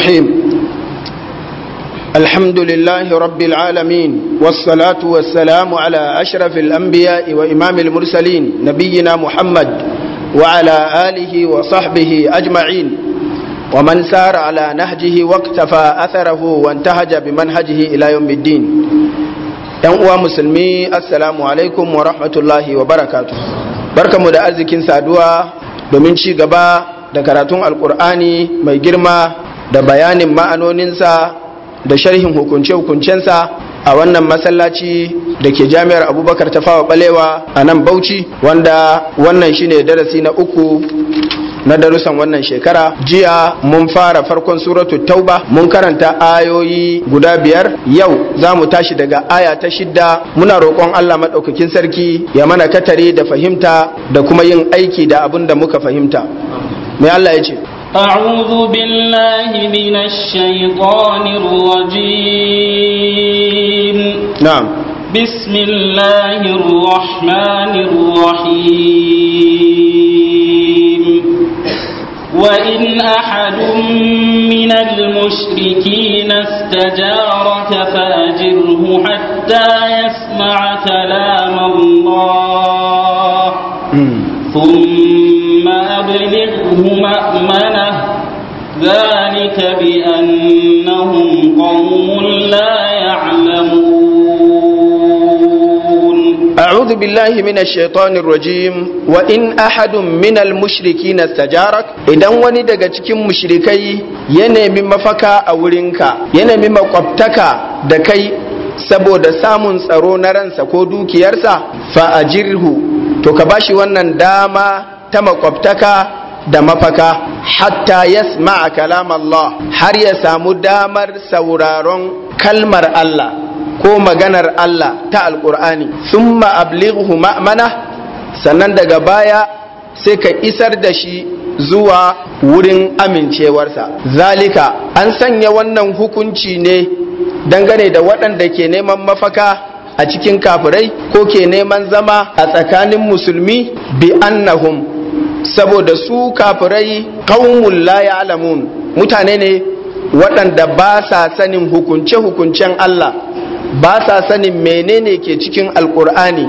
الرحيم الحمد لله رب العالمين والصلاة والسلام على أشرف الأنبياء وإمام المرسلين نبينا محمد وعلى آله وصحبه أجمعين ومن سار على نهجه واقتفى أثره وانتهج بمنهجه إلى يوم الدين ينقوى مسلمي السلام عليكم ورحمة الله وبركاته بركة مدى أرزكين سادوا domin ci gaba da karatun alkur'ani mai girma da bayanin ma'anoninsa da sharhin hukunce-hukuncensa a wannan masallaci da ke jami'ar abubakar ta fawa balewa a nan bauchi wanda wannan shine darasi na uku na darussan wannan shekara jiya mun fara farkon suratu tauba mun karanta ayoyi guda biyar yau za mu tashi daga aya ta shidda muna roƙon allah maɗaukakin sarki ya mana katare da fahimta da kuma yin aiki da abin da muka fahimta mai allah ya ce أعوذ بالله من الشيطان الرجيم نعم بسم الله الرحمن الرحيم وإن أحد من المشركين استجارك فأجره حتى يسمع كلام الله ثم تبلغه مأمنة ذلك بأنهم قوم لا يعلمون أعوذ بالله من الشيطان الرجيم وإن أحد من المشركين استجارك إذا وني daga cikin mushrikai ya nemi mafaka a wurinka ya nemi makwabtaka da kai saboda samun tsaro na ransa ko dukiyarsa fa ajirhu to ka bashi wannan dama ta makwabtaka da mafaka hatta yasma kalam Allah har ya samu damar sauraron kalmar Allah ko maganar Allah ta alkur'ani thumma ablighu ma'mana sannan daga baya sai ka isar da shi zuwa wurin amincewarsa zalika an sanya wannan hukunci ne dangane da waɗanda ke neman mafaka a cikin kafirai ko ke neman zama a tsakanin musulmi bi annahum saboda su kafirai qaumul la ya'lamun mutane ne waɗanda ba sa sanin hukunce-hukuncen Allah ba sa sanin menene ke cikin alkur'ani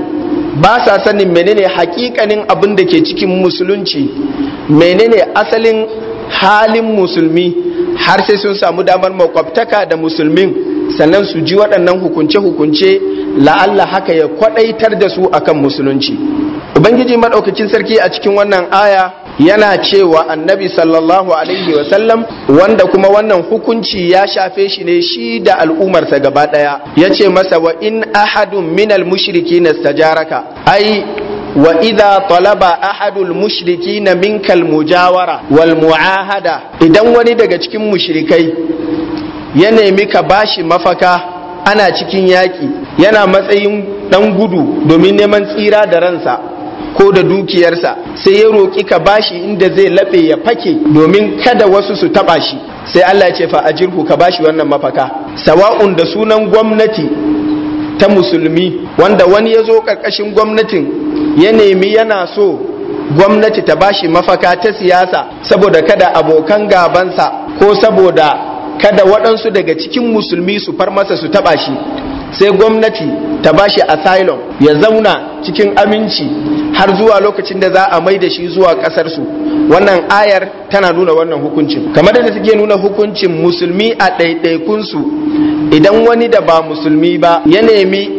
ba sa sanin menene hakikanin abin da ke cikin musulunci menene asalin halin musulmi har sai sun samu damar makwabtaka da musulmin sannan su ji waɗannan hukunce-hukunce la'alla haka ya kwaɗaitar da su akan musulunci ubangiji maɗaukakin sarki a cikin wannan aya yana cewa annabi sallallahu alaihi wasallam wanda kuma wannan hukunci ya shafe shi ne shi da al'umarsa gaba ɗaya ya ce masa wa in ahadun minal mushriki na stajaraka ai wa idha talaba ahadul mushrikina minkal mujawara wal muahada idan wani daga cikin mushrikai ya nemi ka bashi mafaka ana cikin yaƙi yana matsayin ɗan gudu domin neman tsira da ransa ko da dukiyarsa sai ya roƙi ka bashi inda zai laɓe ya fake domin kada wasu su taɓa shi sai Allah ya ce fa ajirhu ka bashi wannan mafaka sawa'un da sunan gwamnati ta musulmi wanda wani ya zo ƙarƙashin gwamnatin ya nemi yana so gwamnati ta bashi mafaka ta siyasa saboda kada abokan gabansa ko saboda kada waɗansu daga cikin musulmi su far masa su taɓa shi sai gwamnati ta ba shi asylum ya zauna cikin aminci har zuwa lokacin da za a mai da shi zuwa ƙasarsu wannan ayar tana nuna wannan hukuncin kamar da suke nuna hukuncin musulmi a ɗaiɗaikunsu idan wani da ba musulmi ba ya nemi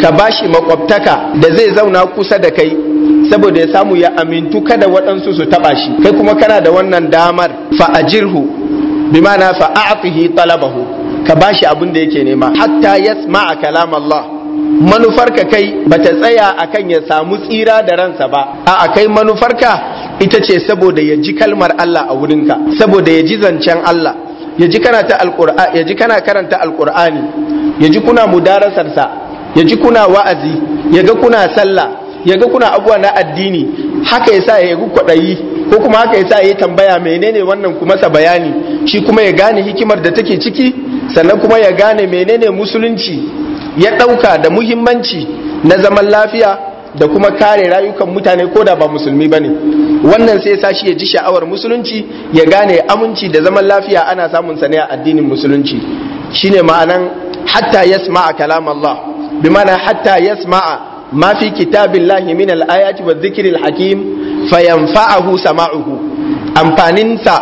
ka bashi makwabtaka da zai zauna kusa da kai saboda ya samu ya amintu kada waɗansu su taɓa shi kai kuma kana da wannan damar fa'ajirhu bi ma'ana fa'a'tihi talabahu ka bashi abin da yake nema hatta yasma'a kalam Allah manufarka kai ba ta tsaya akan ya samu tsira da ransa ba a kai manufarka ita ce saboda ya ji kalmar Allah a wurin ka. saboda ya ji zancen Allah ya ji kana ta ya ji kana karanta alqur'ani ya ji kuna sa ya ji kuna wa'azi ya ga kuna sallah ya ga kuna abuwa na addini haka ya sa ya ga kwaɗayi ko kuma haka ya sa ya tambaya menene wannan kuma sa bayani shi kuma ya gane hikimar da take ciki sannan kuma ya gane menene musulunci ya ɗauka da muhimmanci na zaman lafiya da kuma kare rayukan mutane ko da ba musulmi ba ne wannan sai sa shi ya ji sha'awar musulunci ya gane aminci da zaman lafiya ana samun sa ne a addinin musulunci shine ma'anan hatta yasma'a kalam Allah bi ma'ana hatta yasma'a fi kitabillahi min al-ayati الآيات dhikril hakim فينفعه sama'uhu amfanin sa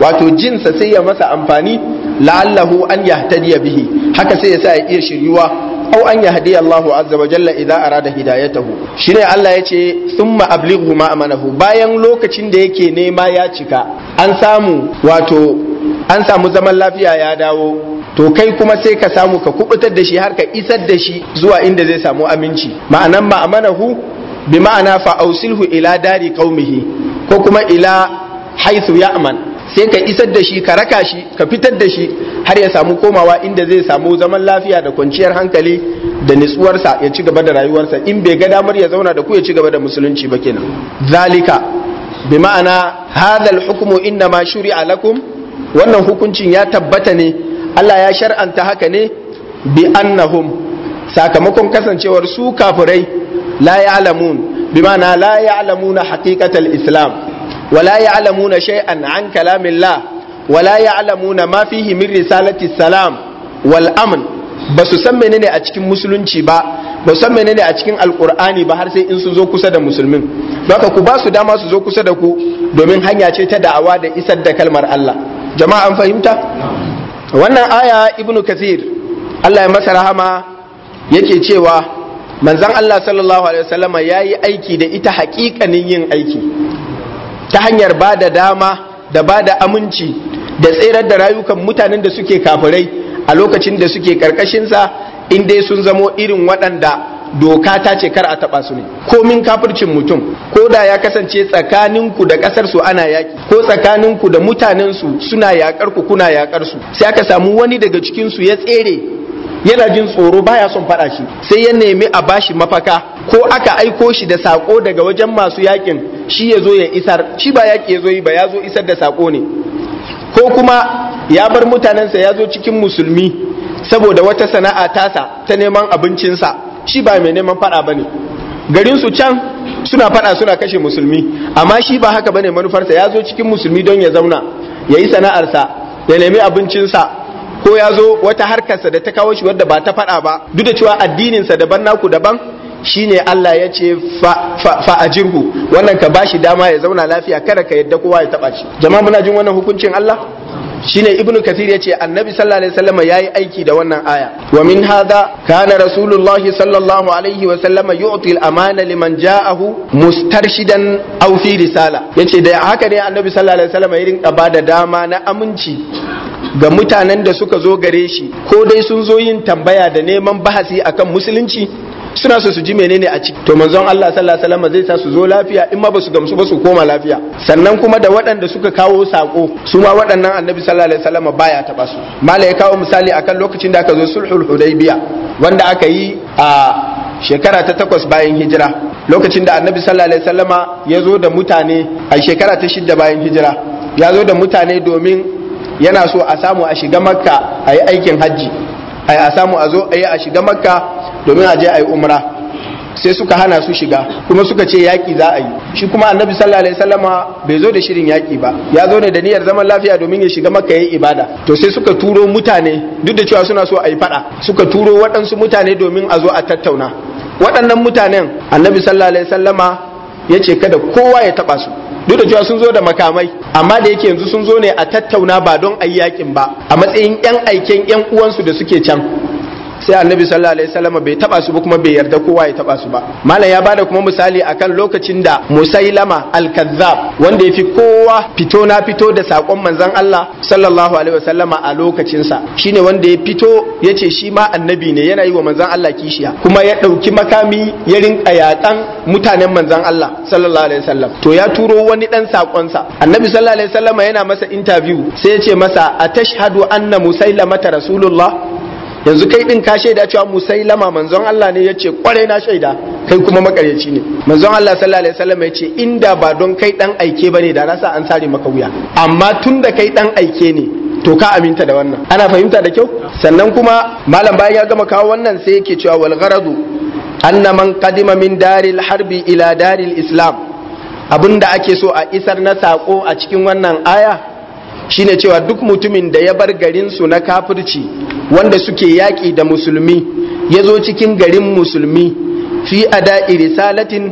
wato jinsa sai ya masa amfani la'allahu an yahtadiya bihi haka sai ya sa ya iya shiryuwa aw an ya yahdi Allahu azza wa jalla idza arada hidayatahu shine Allah yace thumma ablighu ma amanahu bayan lokacin da yake nema ya cika an samu wato an samu zaman lafiya ya dawo to kai kuma sai ka samu ka kubutar da shi har ka isar da shi zuwa inda zai samu aminci ma'anan ma amanahu bi ma'ana fa ausilhu ila dari qaumihi ko kuma ila haythu ya'man sai ka isar da shi ka raka shi ka fitar da shi har ya samu komawa inda zai samu zaman lafiya da kwanciyar hankali da nitsuwarsa ya ci gaba da rayuwarsa in bai ga damar ya zauna da ku ya ci gaba da musulunci ba kenan zalika bi ma'ana hadal hukumu inna ma shuri'a lakum wannan hukuncin ya tabbata ne Allah ya shar'anta haka ne bi annahum sakamakon kasancewar su kafirai la ya'lamun bi ma'ana la ya'lamuna haqiqatal islam wala ya'lamuna shay'an an kalamillah wala ya'lamuna ma fihi min salam wal amn ba su san menene a cikin musulunci ba ba su san menene a cikin alkur'ani ba har sai in su zo kusa da musulmin haka ku ba su dama su zo kusa da ku domin hanya ce ta da'awa da isar da kalmar Allah jama'a an fahimta wannan aya ibnu kathir Allah ya masa rahama yake cewa manzon Allah sallallahu alaihi wasallama yayi aiki da ita haƙiƙanin yin aiki ta hanyar ba da dama da ba da aminci da tserar da rayukan mutanen da suke kafirai a lokacin da suke karkashinsa in dai sun zamo irin waɗanda doka ta ce kar a taɓa su ne komin kafircin mutum ko da ya kasance tsakaninku da ƙasarsu ana yaƙi ko tsakaninku da mutanensu suna yaƙar ku kuna yaƙar su sai aka samu wani daga cikinsu ya tsere yana jin tsoro baya son faɗa shi sai ya nemi a bashi mafaka ko aka aiko shi da sako daga wajen masu yakin shi ya zo ya isar shi ba yaki ya zo yi ba ya zo isar da sako ne ko kuma ya bar mutanensa ya zo cikin musulmi saboda wata sana'a tasa ta neman abincinsa shi ba mai neman faɗa ba ne garinsu can suna faɗa suna kashe musulmi amma shi ba haka ba ne manufarsa ya zo cikin musulmi don ya zauna ya yi sana'arsa ya nemi abincinsa ko ya zo wata harkarsa da ta kawo shi wadda ba ta faɗa ba duk da cewa addininsa daban naku daban shine Allah ya ce ajirhu wannan ka bashi dama ya zauna lafiya kada ka yadda kowa ya taba shi jama'a muna jin wannan hukuncin Allah shine ibnu kathir ya ce annabi sallallahu alaihi wasallam yayi aiki da wannan aya wa min hadha kana rasulullah sallallahu alaihi wasallam yu'ti al-amana liman ja'ahu mustarshidan aw fi risala yace da haka ne annabi sallallahu alaihi wasallam ya rinka bada dama na aminci ga mutanen da suka zo gare shi ko dai sun zo yin tambaya da neman bahasi akan musulunci suna so su ji menene a ciki to manzon Allah sallallahu alaihi wasallam zai sa su zo lafiya in ma basu gamsu ba su koma lafiya sannan kuma da waɗanda suka kawo sako su ma waɗannan annabi sallallahu alaihi wasallam baya taba su malai ya kawo misali akan lokacin da aka zo sulhul hudaybiya wanda aka yi a shekara ta takwas bayan hijira lokacin da annabi sallallahu alaihi wasallama ya zo da mutane a shekara ta shidda bayan hijira ya zo da mutane domin yana so a samu a shiga makka a yi aikin hajji a samu a zo a yi a shiga makka domin a je a yi umra sai suka hana su shiga kuma suka ce yaƙi za a yi shi kuma annabi sallallahu alaihi wasallama bai zo da shirin yaƙi ba ya zo ne da niyyar zaman lafiya domin ya shiga makka yi ibada to sai suka turo mutane duk da cewa suna so a yi fada suka turo waɗansu mutane domin a zo a tattauna waɗannan mutanen annabi sallallahu alaihi wasallama ya ce kada kowa ya taɓa su duk da cewa sun zo da makamai amma da yake yanzu sun zo ne a tattauna ba don a yi yakin ba a matsayin yan aiken yan uwansu da suke can sai annabi sallallahu alaihi wasallam bai taba su ba kuma bai yarda kowa ya taba su ba malam ya bada kuma misali akan lokacin da musailama al-kazzab wanda fi kowa fito na fito da sakon manzon Allah sallallahu alaihi wasallam a lokacin sa shine wanda ya fito yace shi ma annabi ne yana yi wa manzon Allah kishiya kuma ya dauki makami ya rinka yatan mutanen manzon Allah sallallahu alaihi wasallam to ya turo wani dan sakon sa annabi sallallahu alaihi wasallam yana masa interview sai ya ce masa atashhadu anna musailama rasulullah yanzu kai din ka shaida cewa musailama manzon Allah ne yace kwarai na shaida kai kuma makaryaci ne manzon Allah sallallahu alaihi wasallam yace inda ba don kai dan aike bane da rasa an sare maka wuya amma tunda kai dan aike ne to ka aminta da wannan ana fahimta da kyau sannan kuma malam bayan ya gama kawo wannan sai yake cewa wal gharadu anna man qadima min daril harbi ila daril islam abinda ake so a isar na sako a cikin wannan aya shine cewa duk mutumin da ya bar garinsu na kafirci wanda suke yaƙi da musulmi ya zo cikin garin musulmi fi a ada irisalatin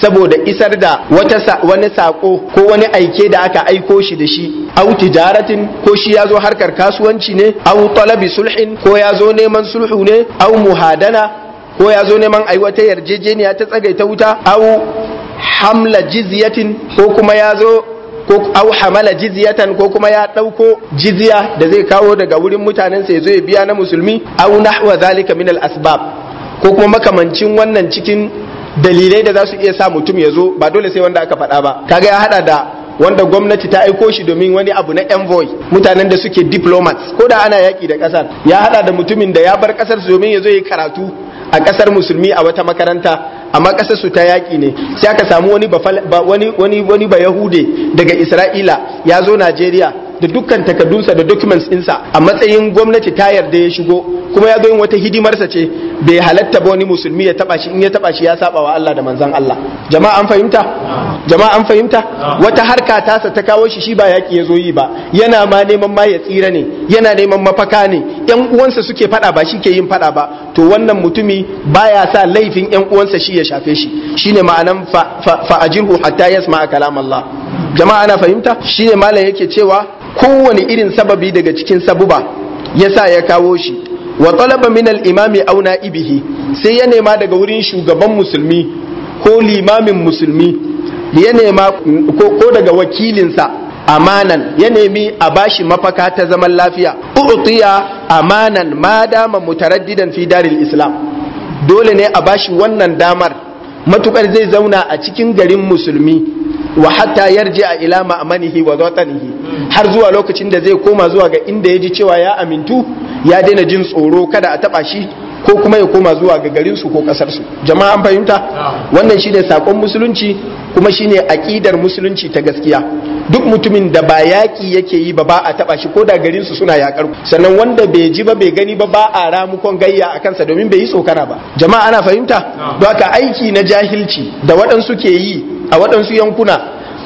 saboda isar da wata wani sako ko wani aike da aka aiko shi da shi au tijaratin ko shi ya zo harkar kasuwanci ne au talabi sulhin ko ya zo neman sulhu ne au muhadana ko ya zo neman aiwata yarjejeniya ta tsagaita wuta au hamla jizyatin ko kuma ya zo ko au hamala jizyatan ko kuma ya dauko jizya da zai kawo daga wurin mutanen sa yazo ya biya na musulmi au nahwa zalika min al asbab ko kuma makamancin wannan cikin dalilai da za su iya sa mutum ya zo ba dole sai wanda aka faɗa ba kaga ya hada da wanda gwamnati ta aiko shi domin wani abu na envoy mutanen da suke diplomats ko da ana yaki da ƙasar. ya hada da mutumin da ya bar kasar domin ya zo ya karatu a kasar musulmi a wata makaranta amma kasar su ta yaƙi ne sai aka samu wani wani wani ba yahude daga isra'ila ya zo najeriya da dukkan takardunsa da documents ɗinsa a matsayin gwamnati ta yarda ya shigo kuma ya zo yin wata hidimarsa ce bai halatta ba wani musulmi ya taba shi in ya taba shi ya saba wa Allah da manzon Allah jama'a an fahimta jama'a an fahimta wata harka tasa ta kawo shi shi ba yaki ya zo yi ba yana ma neman ma ya tsira ne yana neman mafaka ne yan uwansa suke fada ba shi ke yin fada ba to wannan mutumi baya sa laifin yan uwansa shi ya shafe shi shine ma'anan fa'ajirhu hatta yasma kalam Allah jama'a na fahimta shine malam yake cewa kowane irin sababi daga cikin sabuba ya sa ya kawo shi wa talaba min al-imami aw na'ibihi sai ya nema daga wurin shugaban musulmi ko limamin musulmi ya nema ko daga wakilinsa amanan ya nemi a bashi mafaka ta zaman lafiya u'tiya amanan ma dama mutaraddidan fi daril islam dole ne a bashi wannan damar matukar zai zauna a cikin garin musulmi wa hatta ilama ilama manihi wa tsanihi, har zuwa lokacin da zai koma zuwa ga inda ya ji cewa ya amintu ya daina jin tsoro kada a taba shi ko kuma ya koma zuwa ga garinsu ko ƙasarsu jama'a an fahimta wannan shine sakon musulunci kuma shine aƙidar musulunci ta gaskiya duk mutumin da ba yaƙi yake yi ba ba a taɓa shi ko da garinsu suna yaƙar sannan wanda bai ji ba bai gani ba ba a ramukon gayya a kansa domin bai yi tsokana ba jama'a ana fahimta don haka aiki na jahilci da waɗansu ke yi a waɗansu yankuna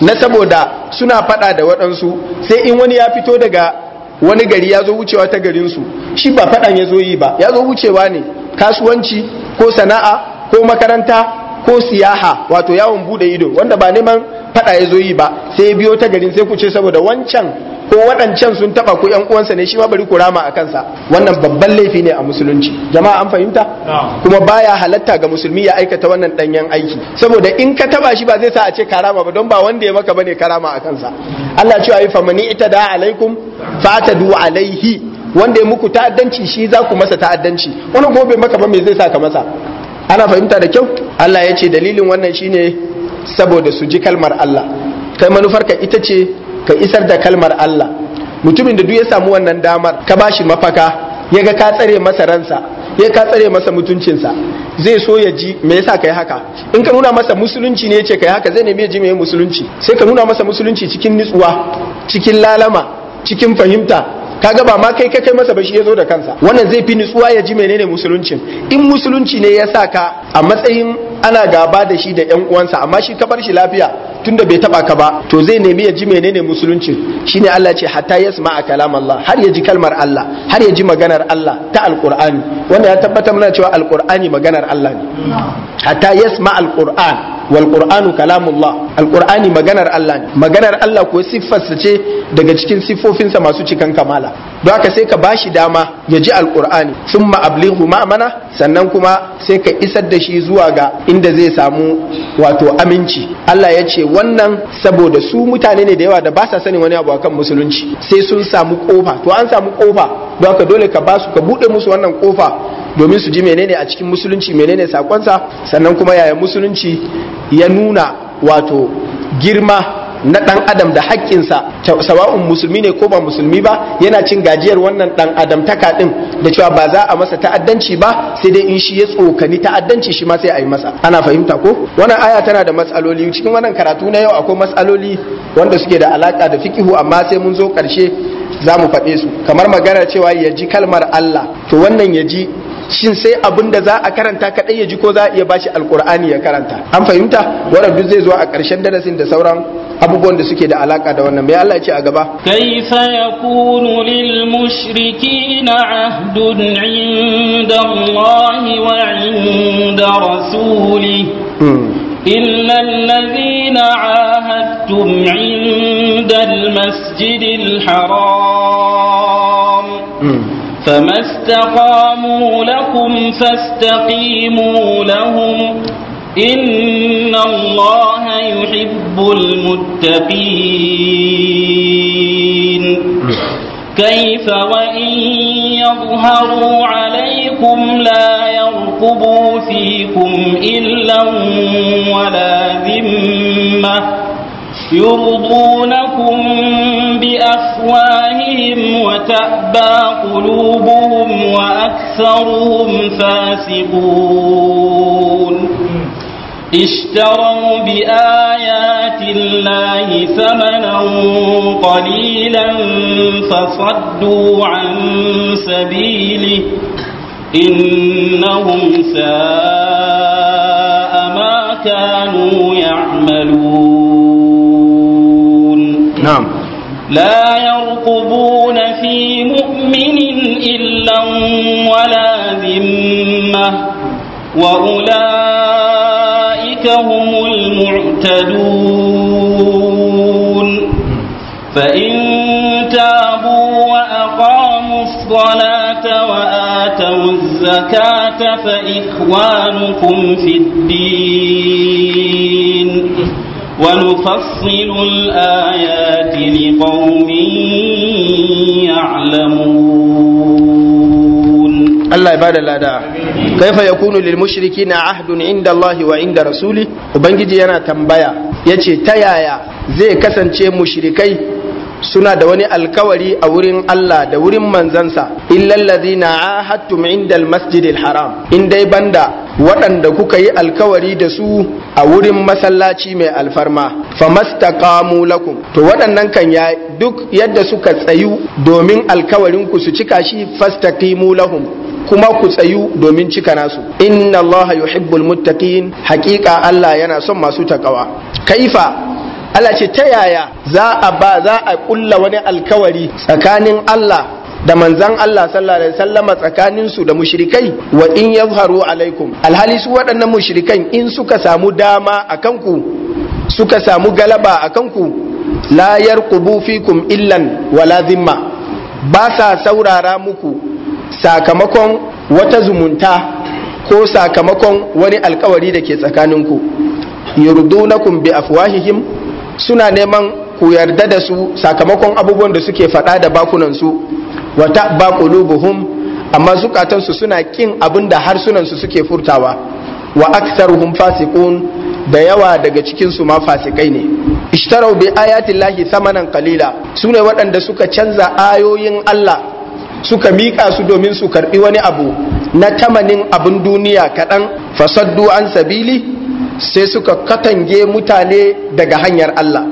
na saboda suna faɗa da waɗansu sai in wani ya fito daga wani gari ya zo wucewa ta garinsu shi ba faɗan ya zo yi ba ya zo wucewa ne kasuwanci ko sana'a ko makaranta ko siyaha wato yawon bude ido wanda ba neman faɗa ya zo yi ba sai ya biyo ta garin sai ku ce saboda wancan ko waɗancan sun taba ku yan uwansa ne shi ma bari ku rama a kansa wannan babban laifi ne a musulunci jama'a an fahimta kuma baya halatta ga musulmi ya aikata wannan danyen aiki saboda in ka taɓa shi ba zai sa a ce karama ba don ba wanda ya maka bane karama a kansa Allah cewa yi famani ita da alaikum duwa alaihi wanda ya muku ta'addanci shi za ku masa ta'addanci wani gobe maka ba mai zai sa ka masa ana fahimta da kyau Allah ya ce dalilin wannan ne saboda su ji kalmar Allah kai manufar ka ita ce ka isar da kalmar Allah mutumin da duk ya samu wannan damar ka bashi mafaka ya ga ka tsare masa ransa ya ka tsare masa mutuncinsa zai so ya ji me yasa kai haka in ka nuna masa musulunci ne ce kai haka zai nemi ya ji me musulunci sai ka nuna masa musulunci cikin nutsuwa cikin lalama cikin fahimta kaga ba ma kai ka kai masa ba shi ya zo da kansa wannan zai fi nutsuwa ya ji menene musulunci in musulunci ne ya sa ka a matsayin ana gaba da shi da yan uwansa amma shi ka bar shi lafiya tunda bai taba ka ba to zai nemi ya ji menene musulunci shine Allah ce hatta yasma kalam Allah har ya ji kalmar Allah har ya ji maganar Allah ta alqur'ani wanda ya tabbata mana cewa alqur'ani maganar Allah ne hatta yasma alqur'an wal qur'anu kalamullah alqur'ani maganar Allah ne maganar Allah ko siffarsa ce daga cikin sifofinsa masu cikan kamala kansa don haka sai ka bashi dama ya ji alkur'ani sun ma'ablihu ma'amana sannan kuma sai ka isar da shi zuwa ga inda zai samu wato aminci Allah ya ce wannan saboda su mutane ne da yawa da ba sa sanin wani abu akan musulunci sai sun samu kofa to an samu kofa don haka dole ka basu ka bude musu wannan kofa domin su ji menene a cikin musulunci menene sakonsa sannan kuma yaya musulunci ya nuna wato girma na dan adam da haƙƙinsa sawa'un musulmi ne ko ba musulmi ba yana cin gajiyar wannan dan adam taka din da cewa ba za a masa ta'addanci ba sai dai in shi ya tsokani ta'addanci shi ma sai a yi masa ana fahimta ko wannan aya tana da matsaloli cikin wannan karatu na yau akwai matsaloli wanda suke da alaka da fikihu amma sai mun zo karshe za mu faɗe su kamar magana cewa ya ji kalmar Allah to wannan ya ji shin sai abin da za a karanta kaɗai ya ji ko za a iya bashi alkur'ani ya karanta an fahimta wannan zai zo a ƙarshen darasin da sauran abubuwan da suke da alaka da wannan mai Allah ce a gaba kaifa yakunu lil mushrikina ahdun inda Allah wa inda rasuli hmm. illa alladhina zina inda al-masjid al-haram فما استقاموا لكم فاستقيموا لهم إن الله يحب المتقين كيف وإن يظهروا عليكم لا يرقبوا فيكم إلا ولا ذمة يرضونكم بأفواههم وتأبى قلوبهم وأكثرهم فاسقون اشتروا بآيات الله ثمنا قليلا فصدوا عن سبيله إنهم ساء ما كانوا يعملون نعم لا يرقبون في مؤمن إلا ولا ذمة وأولئك أولئك هم المعتدون فإن تابوا وأقاموا الصلاة وآتوا الزكاة فإخوانكم في الدين ونفصل الآيات لقوم يعلمون Allah ya bada lada kaifa yakunu lil mushrikina ahdun inda Allah wa inda rasuli ubangiji yana tambaya yace ta yaya zai kasance mushrikai suna da wani alkawari a wurin Allah da wurin manzansa illal ladina ahadtum inda al masjidil haram in dai banda waɗanda kuka yi alkawari da su a wurin masallaci mai alfarma kamu lakum to waɗannan kan ya duk yadda suka tsayu domin alkawarin ku su cika shi fastaqimu lahum kuma ku tsayu domin cika nasu inna allaha yuhibbul muttaqin haƙiƙa Allah yana son masu takawa kaifa Allah ce ta yaya za a ba za a ƙulla wani alkawari tsakanin Allah da manzan Allah sallallahu alaihi tsakaninsu tsakanin su da mushrikai wa in yazharu alaikum alhali su waɗannan mushrikan in suka samu dama a kanku suka samu galaba a kanku la yarqubu fikum illan wala zimma ba sa saurara muku sakamakon wata zumunta ko sakamakon wani alkawari da ke tsakaninku yurdunakum bi afwahihim suna neman ku yarda da su sakamakon abubuwan da suke faɗa da su. wa ba qulubuhum amma zukatansu suna kin abin da harsunansu suke furtawa wa aktsaruhum fasiqun da yawa daga cikin su ma fasikai ne ishtaraw bi ayati llahi thamanan qalila sune waɗanda suka canza ayoyin Allah suka mika su domin su karbi wani abu na tamanin abin duniya kaɗan fasaddu an sabili sai suka katange mutane daga hanyar Allah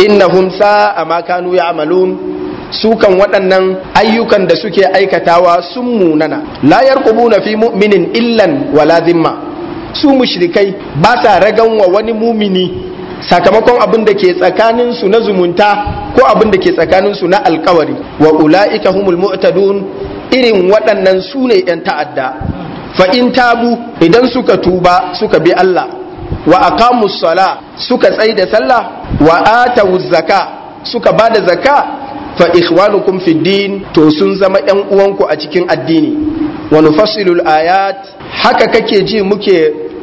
innahum sa'a ma kanu ya'malun sukan waɗannan ayyukan da suke aikatawa sun munana la na fi mu'minin illan wala zimma su mushrikai ba sa ragan wa wani mumini sakamakon abin da ke tsakanin su na zumunta ko abin da ke tsakanin su na alkawari wa ula'ika humul mu'tadun irin waɗannan su ne 'yan ta'adda fa in tabu idan suka tuba suka bi Allah wa aqamu sala suka da sallah wa atawu zaka suka bada zaka fa ikhwanukum fi din to sun zama yan uwanku a cikin addini wa nufassilu ayat haka kake ji muke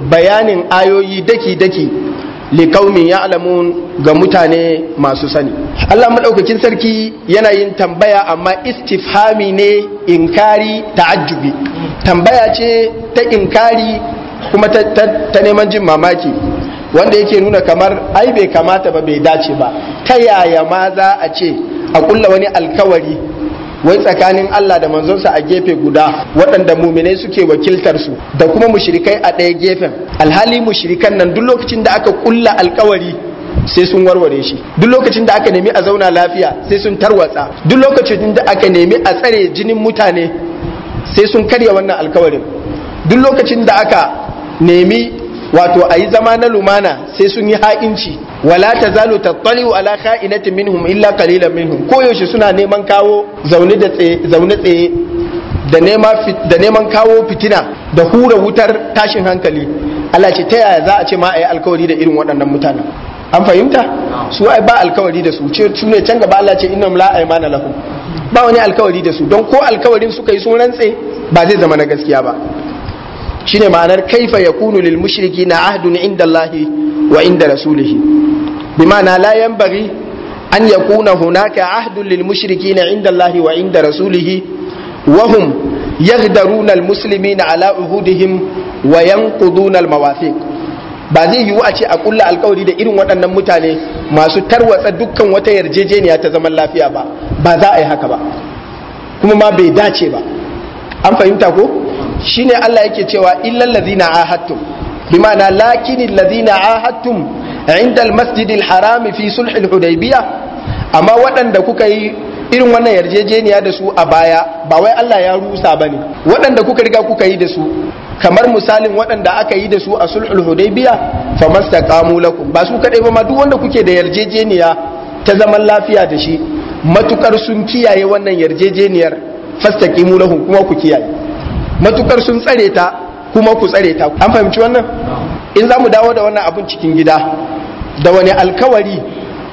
bayanin ayoyi daki daki li qaumin ya'lamun ga mutane masu sani Allah madaukakin sarki yana yin tambaya amma istifhami ne inkari ta'ajjubi tambaya ce ta inkari kuma ta, ta neman jin mamaki wanda yake nuna kamar ai bai kamata ba bai dace ba ta yaya ma za a ce a kulla wani alkawari wai tsakanin Allah da manzonsa a gefe guda waɗanda muminai suke wakiltar su da kuma mushrikai a ɗaya gefen alhali mushrikan nan duk lokacin da aka kulla alkawari sai sun warware shi duk lokacin da aka nemi a zauna lafiya sai sun tarwatsa duk lokacin da aka nemi a tsare jinin mutane sai sun karya wannan alkawarin duk lokacin da aka nemi wato a yi zama na lumana sai sun yi ha'inci wala ta tazalu alaka ala kha'inatin minhum illa kalila minhum koyaushe suna neman kawo zaune da tsaye zaune tsaye da neman kawo fitina da hura wutar tashin hankali Allah ce ta yaya za a ce ma a yi alkawari da irin waɗannan mutanen an fahimta su ai ba alkawari da su ce su ne can gaba Allah ce innam la aymana lahum ba wani alkawari da su don ko alkawarin suka yi sun rantse ba zai zama na gaskiya ba shine ma'anar kaifa kunu lil mushriki na ahdun inda Allah wa inda rasulihi ma'ana la yanbaghi an yakuna hunaka ahdun lil mushriki na inda Allah wa inda rasulihi wa hum yaghdaruna al muslimina ala uhudihim wa yanquduna al mawafiq ba zai yiwu a ce a kulla alkawari da irin waɗannan mutane masu tarwatsa dukkan wata yarjejeniya ta zaman lafiya ba ba za a yi haka ba kuma ma bai dace ba an fahimta ko shine Allah yake cewa illal ladina ahadtum bima'ana lakinil ladina ahadtum inda almasjidil harami fi sulhil hudaybiya amma waɗanda kuka yi irin wannan yarjejeniya da su a baya ba wai Allah ya rusa ba ne. waɗanda kuka riga kuka yi da su kamar misalin waɗanda aka yi da su a sulhul hudaybiya famastaqamu lakum ba su kadai ba ma duk wanda kuke da yarjejeniya ta zaman lafiya da shi matukar sun kiyaye wannan yarjejeniyar fastaqimu lahum kuma ku kiyaye matukar sun tsare ta kuma ku tsare ta an fahimci wannan in za mu dawo da wannan abin cikin gida da wani alkawari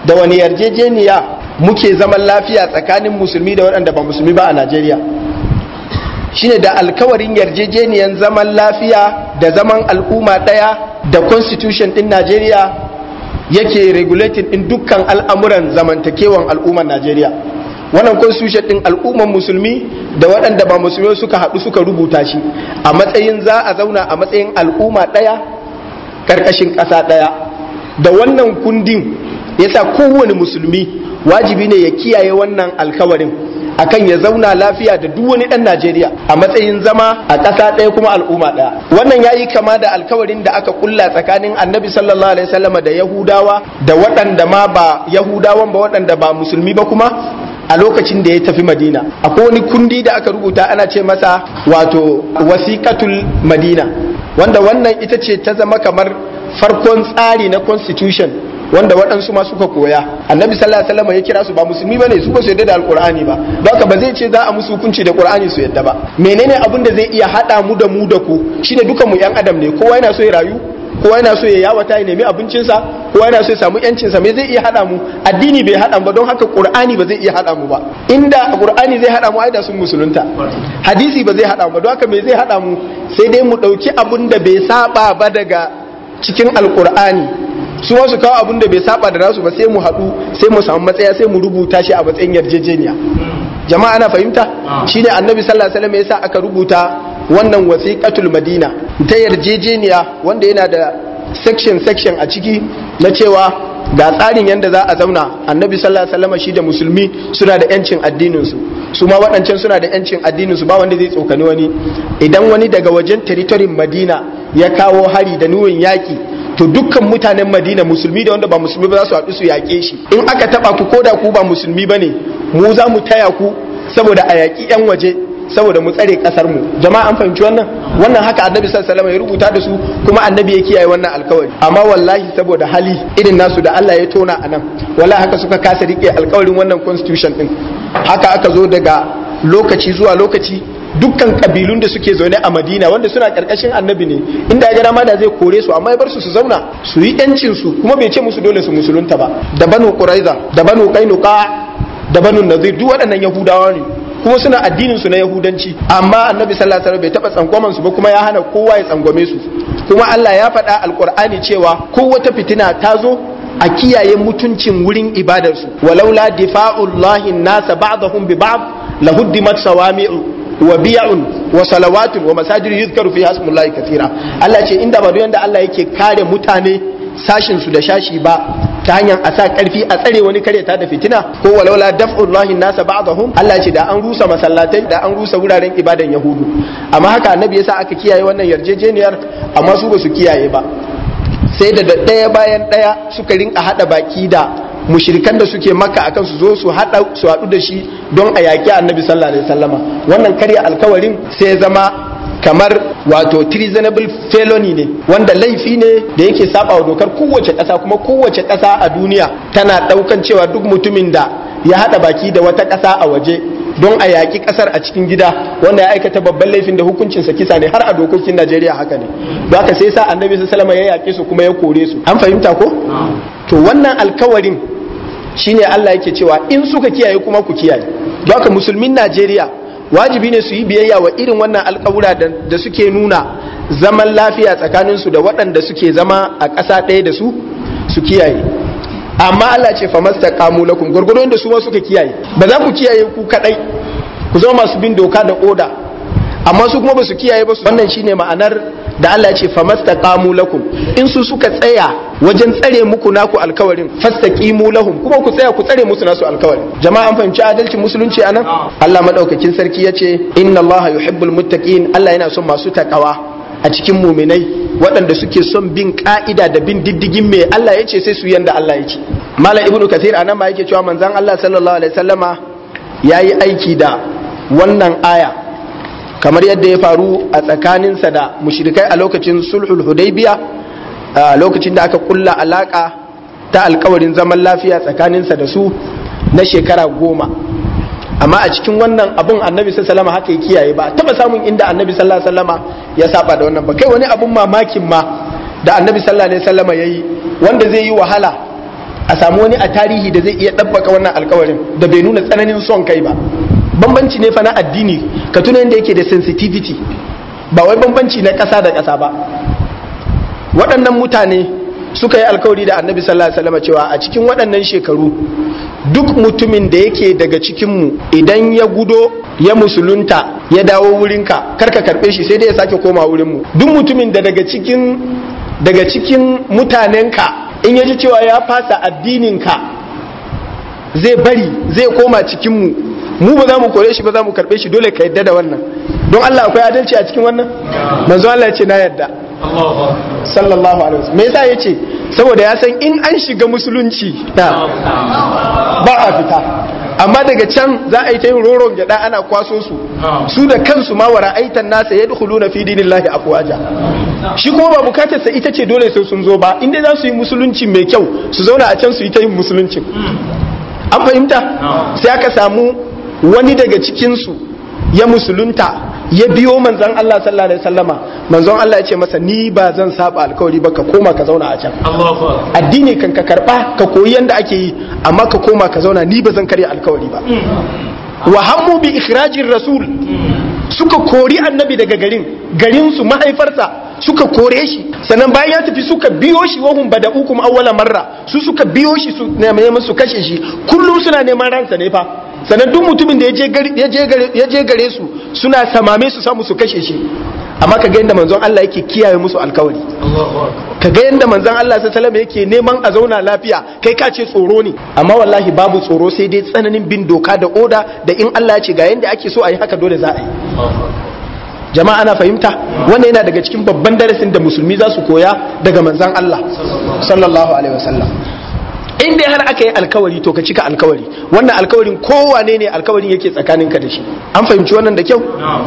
da wani yarjejeniya muke zaman lafiya tsakanin musulmi da waɗanda ba musulmi ba a najeriya shine da alkawarin yarjejeniyan zaman lafiya da zaman al'umma ɗaya da constitution ɗin najeriya yake regulating ɗin dukkan al'amuran zamantakewan al'ummar najeriya wannan constitution din al'umman musulmi da waɗanda ba musulmi suka haɗu suka rubuta shi a matsayin za a zauna a matsayin al'umma ɗaya ƙarƙashin ƙasa ɗaya da wannan kundin ya yasa kowane musulmi wajibi ne ya kiyaye wannan alkawarin akan ya zauna lafiya da duk wani ɗan Najeriya a matsayin zama a ƙasa ɗaya kuma al'umma ɗaya wannan ya yi kama da alkawarin da aka kulla tsakanin annabi sallallahu alaihi da yahudawa da waɗanda ma ba yahudawan ba waɗanda ba musulmi ba kuma a lokacin da ya tafi madina akwai wani kundi da aka rubuta ana ce masa wato wasiƙatul madina wanda wannan ita ce ta zama kamar farkon tsari na constitution wanda waɗansu ma suka koya annabi sallallahu alaihi ya kira su ba musulmi bane su ba su yadda da alqur'ani ba baka ba zai ce za a musu hukunci da qur'ani su yadda ba menene abin da zai iya hada mu da mu da ku shine dukan mu yan adam ne kowa yana so ya rayu kowa yana so ya yawata ya nemi abincinsa kowa yana so ya samu yancinsa mai zai iya haɗa mu addini bai haɗa ba don haka qur'ani ba zai iya haɗa mu ba inda qur'ani zai haɗa mu aida sun musulunta hadisi ba zai haɗa mu ba don haka me zai haɗa mu sai dai mu ɗauki abun da bai saba ba daga cikin alƙur'ani. su wasu kawo abun da bai saba da nasu ba sai mu haɗu sai mu samu matsaya sai mu rubuta shi a matsayin yarjejeniya jama'a ana fahimta shine annabi sallallahu alaihi wasallam yasa aka rubuta wannan wasiƙatul madina ta yarjejeniya wanda yana da section section a ciki na cewa ga tsarin yadda za a zauna annabi sallallahu alaihi wasallam shi da musulmi suna da yancin addinin su su ma waɗancan suna da yancin addinin su ba wanda zai tsokani wani idan wani daga wajen territory madina ya kawo hari da nuwin yaki to dukkan mutanen madina musulmi da wanda ba musulmi ba za su haɗu su yaƙe shi in aka taɓa ku ko da ku ba musulmi ba ne mu za mu taya ku saboda a yaƙi 'yan waje saboda mu tsare kasar mu jama'a an fahimci wannan wannan haka annabi sallallahu alaihi wasallam ya rubuta da su kuma annabi ya kiyaye wannan alkawari amma wallahi saboda hali irin nasu da Allah ya tona anan wallahi haka suka kasa rike alkawarin wannan constitution din haka aka zo daga lokaci zuwa lokaci dukkan kabilun da suke zaune a madina wanda suna karkashin annabi ne inda ya ma da zai kore su amma ya bar su su zauna su yi yancin su kuma bai ce musu dole su musulunta ba da banu quraiza da banu qainuqa da banu nazir duk waɗannan yahudawa ne kuma suna addinin su na yahudanci amma annabi sallallahu alaihi wasallam bai taba tsangwaman su ba kuma ya hana kowa ya tsangwame su kuma Allah ya faɗa alqur'ani cewa ko wata fitina ta zo a kiyaye mutuncin wurin ibadarsu walaula difa'ullahi nasa ba'dahum bi ba'd lahuddimat sawami'u wa bi'un wa salawatun wa masajid yuzkaru fiha ismullahi katira Allah ce inda ba yanda Allah yake kare mutane sashin su da shashi ba ta hanyar a sa karfi a tsare wani kare ta da fitina ko walawala daf'ullahi nasa ba'dahum Allah ce da an rusa masallatai da an rusa wuraren ibadan yahudu amma haka annabi yasa aka kiyaye wannan yarjejeniyar amma su ba su kiyaye ba sai da ɗaya bayan ɗaya suka rinka haɗa baki da mushirikan da suke maka akan su zo su su hadu da shi don a yaki annabi sallallahu alaihi wasallama wannan karya alkawarin sai zama kamar wato treasonable felony ne wanda laifi ne da yake saba dokar kowace ƙasa kuma kowace ƙasa a duniya tana ɗaukan cewa duk mutumin da ya haɗa baki da wata ƙasa a waje don a yaƙi ƙasar a cikin gida wanda ya aikata babban laifin da hukuncinsa kisa ne har a dokokin Najeriya haka ne don haka sai sa annabi sallama ya yaƙe su kuma ya kore su an fahimta ko to wannan alkawarin shine Allah yake cewa in suka kiyaye kuma ku kiyaye don haka musulmin Najeriya wajibi ne su yi biyayya wa irin wannan alkawura da suke nuna zaman lafiya tsakaninsu da waɗanda suke zama a ƙasa ɗaya da su su kiyaye amma Allah ce fa mastaqamu lakum gurgurun da su ma suka kiyaye ba za ku kiyaye ku kadai ku zama masu bin doka da oda amma su kuma ba su kiyaye ba su wannan shine ma'anar da Allah ya ce famastaqamu lakum in su suka tsaya wajen tsare muku naku alkawarin fastaqimu lahum kuma ku tsaya ku tsare musu nasu alkawarin jama'a an fahimci adalcin musulunci anan Allah madaukakin sarki yace inna Allah yuhibbul muttaqin Allah yana son masu takawa a cikin muminai waɗanda suke son bin ka'ida da bin diddigin mai Allah ya ce sai su yanda Allah ya ce mala ibnu kathir anan ma yake cewa manzon Allah sallallahu alaihi wasallama yayi aiki da wannan aya kamar yadda ya faru a tsakaninsa da mushrikai a lokacin sulhul hudaybiya a lokacin da aka kulla alaka ta alkawarin zaman lafiya tsakaninsa da su na shekara goma amma a cikin wannan abun annabi sallama haka ya kiyaye ba taba samun inda annabi sallallahu sallama ya saba da wannan ba kai wani abun mamakin ma da annabi sallallahu alaihi sallama ya yi wanda zai yi wahala a samu wani a tarihi da zai iya ɗabbaka wannan alkawarin da bai nuna tsananin son kai ba bambanci ne fa na addini ka tuna yadda yake da sensitivity ba wai bambanci na kasa da kasa ba waɗannan mutane suka yi alkawari da annabi sallallahu alaihi wasallam cewa a cikin waɗannan shekaru duk mutumin da yake daga cikinmu idan ya gudo ya musulunta ya dawo wurinka ka karɓe shi sai dai ya sake koma wurin mu. duk mutumin da daga cikin daga cikin mutanenka in ya ji cewa ya fasa addininka zai bari zai koma cikinmu mu ba za mu kore shi ba za mu karbe shi dole ka yadda da wannan don Allah akwai adalci a cikin wannan manzo Allah ya ce na yadda sallallahu alaihi wasallam me yasa yace saboda ya san in an shiga musulunci ba a fita amma daga can za a yi ta yin roron gyada ana kwaso su su da kansu ma wara aitan nasa ya dukulu na fi a kuwaja. shi kuma ba bukatar sa ita ce dole sai sun zo ba inda za su yi musulunci mai kyau su zauna a can su yi ta yin musulunci an fahimta sai aka samu wani daga cikinsu ya musulunta ya biyo manzan Allah sallallahu alaihi wasallama manzon Allah ya ce masa ni ba zan saba alkawari ba ka koma ka zauna a can addini kan ka karba ka koyi yanda ake yi amma ka koma ka zauna ni ba zan karya alkawari ba mm. wa hammu bi ikhrajir rasul suka kori annabi daga garin garinsu mahaifarsa suka kore shi sannan bayan ya tafi suka biyo shi wahun bada ukum awwala marra su suka biyo shi su neman su kashe shi kullum suna neman ransa ne fa sannan duk mutumin da ya je gare su suna samame su samu su kashe shi amma ka ga yadda manzon Allah yake kiyaye musu alkawari ka ga yadda manzon Allah sai salama yake neman a zauna lafiya kai ka ce tsoro ne amma wallahi babu tsoro sai dai tsananin bin doka da oda da in Allah ya ce ga yadda ake so a yi haka dole za a yi jama'a ana fahimta wannan yana daga cikin babban darasin da musulmi za su koya daga manzon Allah sallallahu alaihi wasallam in dai har aka yi alkawari to ka cika alkawari wannan alkawarin kowane ne alkawarin yake tsakaninka da shi an fahimci wannan da kyau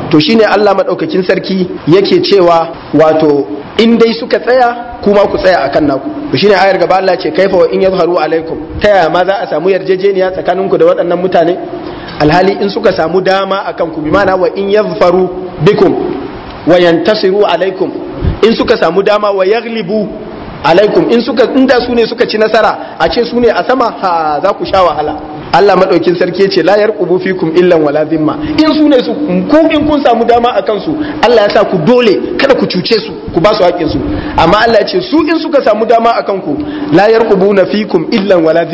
to shine Allah madaukakin sarki yake cewa wato in dai suka tsaya kuma ku tsaya akan naku to shine ayar gaba Allah ce kaifa wa in yazharu alaikum ta yaya ma za a samu yarjejeniya tsakaninku da waɗannan mutane alhali in suka samu dama akan ku bi mana wa in yazfaru bikum wa yantasiru alaikum in suka samu dama wa yaglibu alaikum in suka inda su ne suka ci nasara a ce su ne a sama ha za ku sha wahala Allah madaukin sarki ce la yarqubu fikum illan wala in su ne su ku in kun samu dama a kansu Allah ya sa ku dole kada ku cuce su ku ba su haƙin su amma Allah ya ce su in suka samu dama a kanku la na fikum illan wala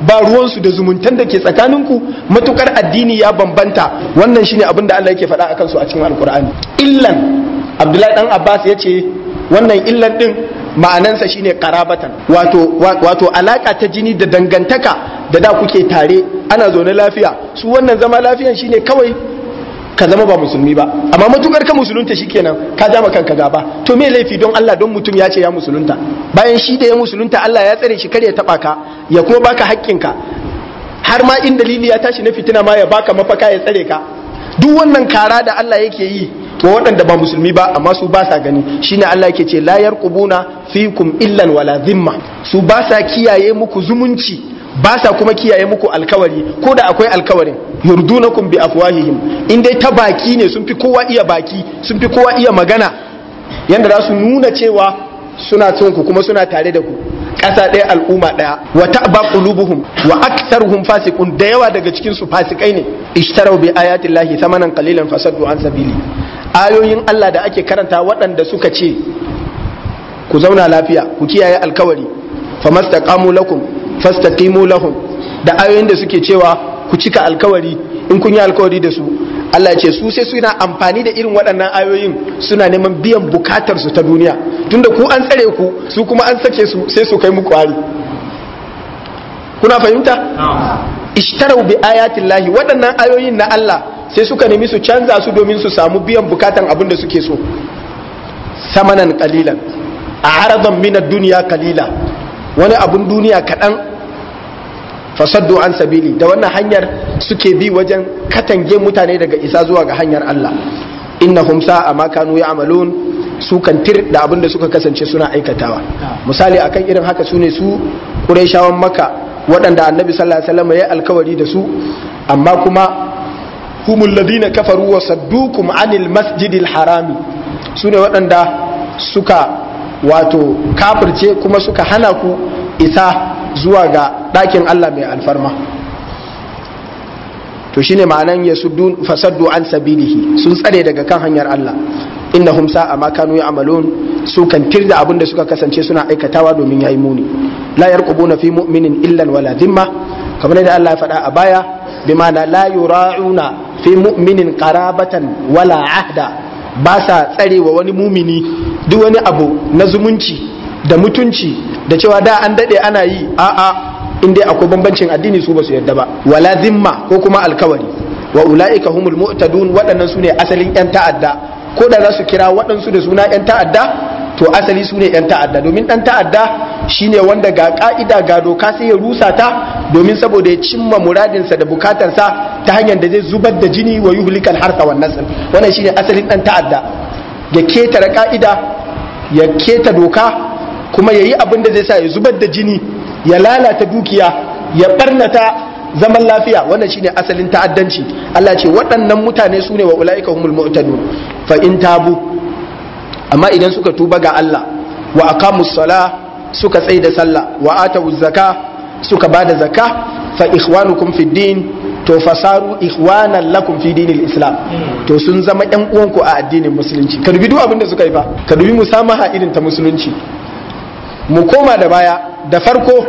ba ruwan su da zumuntan da ke tsakanin ku matukar addini ya bambanta wannan shine abin da Allah yake faɗa akan su a cikin alkur'ani illan Abdullahi dan Abbas ya ce wannan illan din ma'anansa shine qarabatan wato wato alaka ta jini da dangantaka da da kuke tare ana zaune lafiya su wannan zama lafiyan shine kawai ka zama ba musulmi ba amma matukar ka musulunta shikenan ka maka kanka gaba to me laifi don Allah don mutum ya ce ya musulunta bayan shi da ya musulunta Allah ya tsare shi kare ya taba ka ya kuma baka ka, har ma in dalili ya tashi na fitina ma ya baka mafaka ya tsare ka duk wannan kara da Allah yake yi ko waɗanda ba musulmi ba amma su ba sa gani shine Allah yake ce la yarqubuna fikum illan wala dhimma su ba sa kiyaye muku zumunci ba sa kuma kiyaye muku alkawari ko da akwai alkawarin yurdunakum bi afwahihim in dai ta baki ne sun fi kowa iya baki sun fi kowa iya magana yanda za su nuna cewa suna cin ku kuma suna tare da ku kasa ɗaya al'umma ɗaya wa ta'ba qulubuhum wa aktharuhum fasiqun da yawa daga cikin su fasikai ne ishtaraw bi ayati llahi thamanan qalilan fasaddu an sabili ayoyin Allah da ake karanta waɗanda suka ce ku zauna lafiya ku kiyaye alkawari famastaqamu lakum fastaqimu lahum da ayoyin da suke cewa ku cika alkawari in kun yi alkawari da su Allah ya ce su sai suna amfani da irin waɗannan ayoyin suna neman biyan bukatar su ta duniya tunda ku an tsare ku su kuma an sake su sai su kai muku hari kuna fahimta ishtaraw bi ayatin lahi waɗannan ayoyin na Allah sai suka nemi su canza su domin su samu biyan bukatan abin da suke so samanan kalilan a aradan min duniya kalila wani abin duniya kaɗan fasaddu an sabili da wannan hanyar suke bi wajen katange mutane daga isa zuwa ga hanyar Allah innahum sa'a ma kanu ya'malun su kantir da abin da suka kasance suna aikatawa misali akan irin haka sune su Qurayshawan Makka waɗanda Annabi sallallahu alaihi wasallam ya alkawari da su amma kuma humul ladina kafaru wa saddukum anil masjidil harami sune waɗanda suka wato kafirce kuma suka hana ku isa zuwa ga ɗakin Allah mai alfarma to shine ma'anan ya fasaddu an sabilihi sun tsare daga kan hanyar Allah innahum sa'a ma kanu ya'malun su kan tirda abin da suka kasance suna aikatawa domin yayi muni la yarqubuna fi mu'minin illa wala dhimma kamar da Allah ya faɗa a baya bima la yura'una fi mu'minin qarabatan wala ahda ba sa tsarewa wani mumini duk wani abu na zumunci da mutunci da cewa da an dade ana yi a'a in dai akwai bambancin addini su ba su yarda ba wala zimma ko kuma alkawari wa ula'ika humul mu'tadun waɗannan su ne asalin yan ta'adda ko da za su kira waɗansu da suna yan ta'adda to asali su ne yan ta'adda domin dan ta'adda shine wanda ga ka'ida ga doka sai ya rusa ta domin saboda ya cimma muradinsa da bukatarsa ta hanyar da zai zubar da jini wa yuhlikal harsa wan nasl wannan shine asalin dan ta'adda ya keta ka'ida ya keta doka kuma ya yi abin da zai sa ya zubar da jini ya lalata dukiya ya barnata zaman lafiya wannan shine asalin ta'addanci Allah ce waɗannan mutane su ne wa ula'ika humul mu'tadun fa in tabu amma idan suka tuba ga Allah wa aqamus sala suka tsaye da sallah wa atawu zaka suka bada zaka fa ikhwanukum fid din to fasaru ikhwanan lakum fi dinil islam to sun zama yan uwanku a addinin musulunci ka dubi duk abin da suka yi fa ka dubi musamaha irin ta musulunci mu koma da baya da farko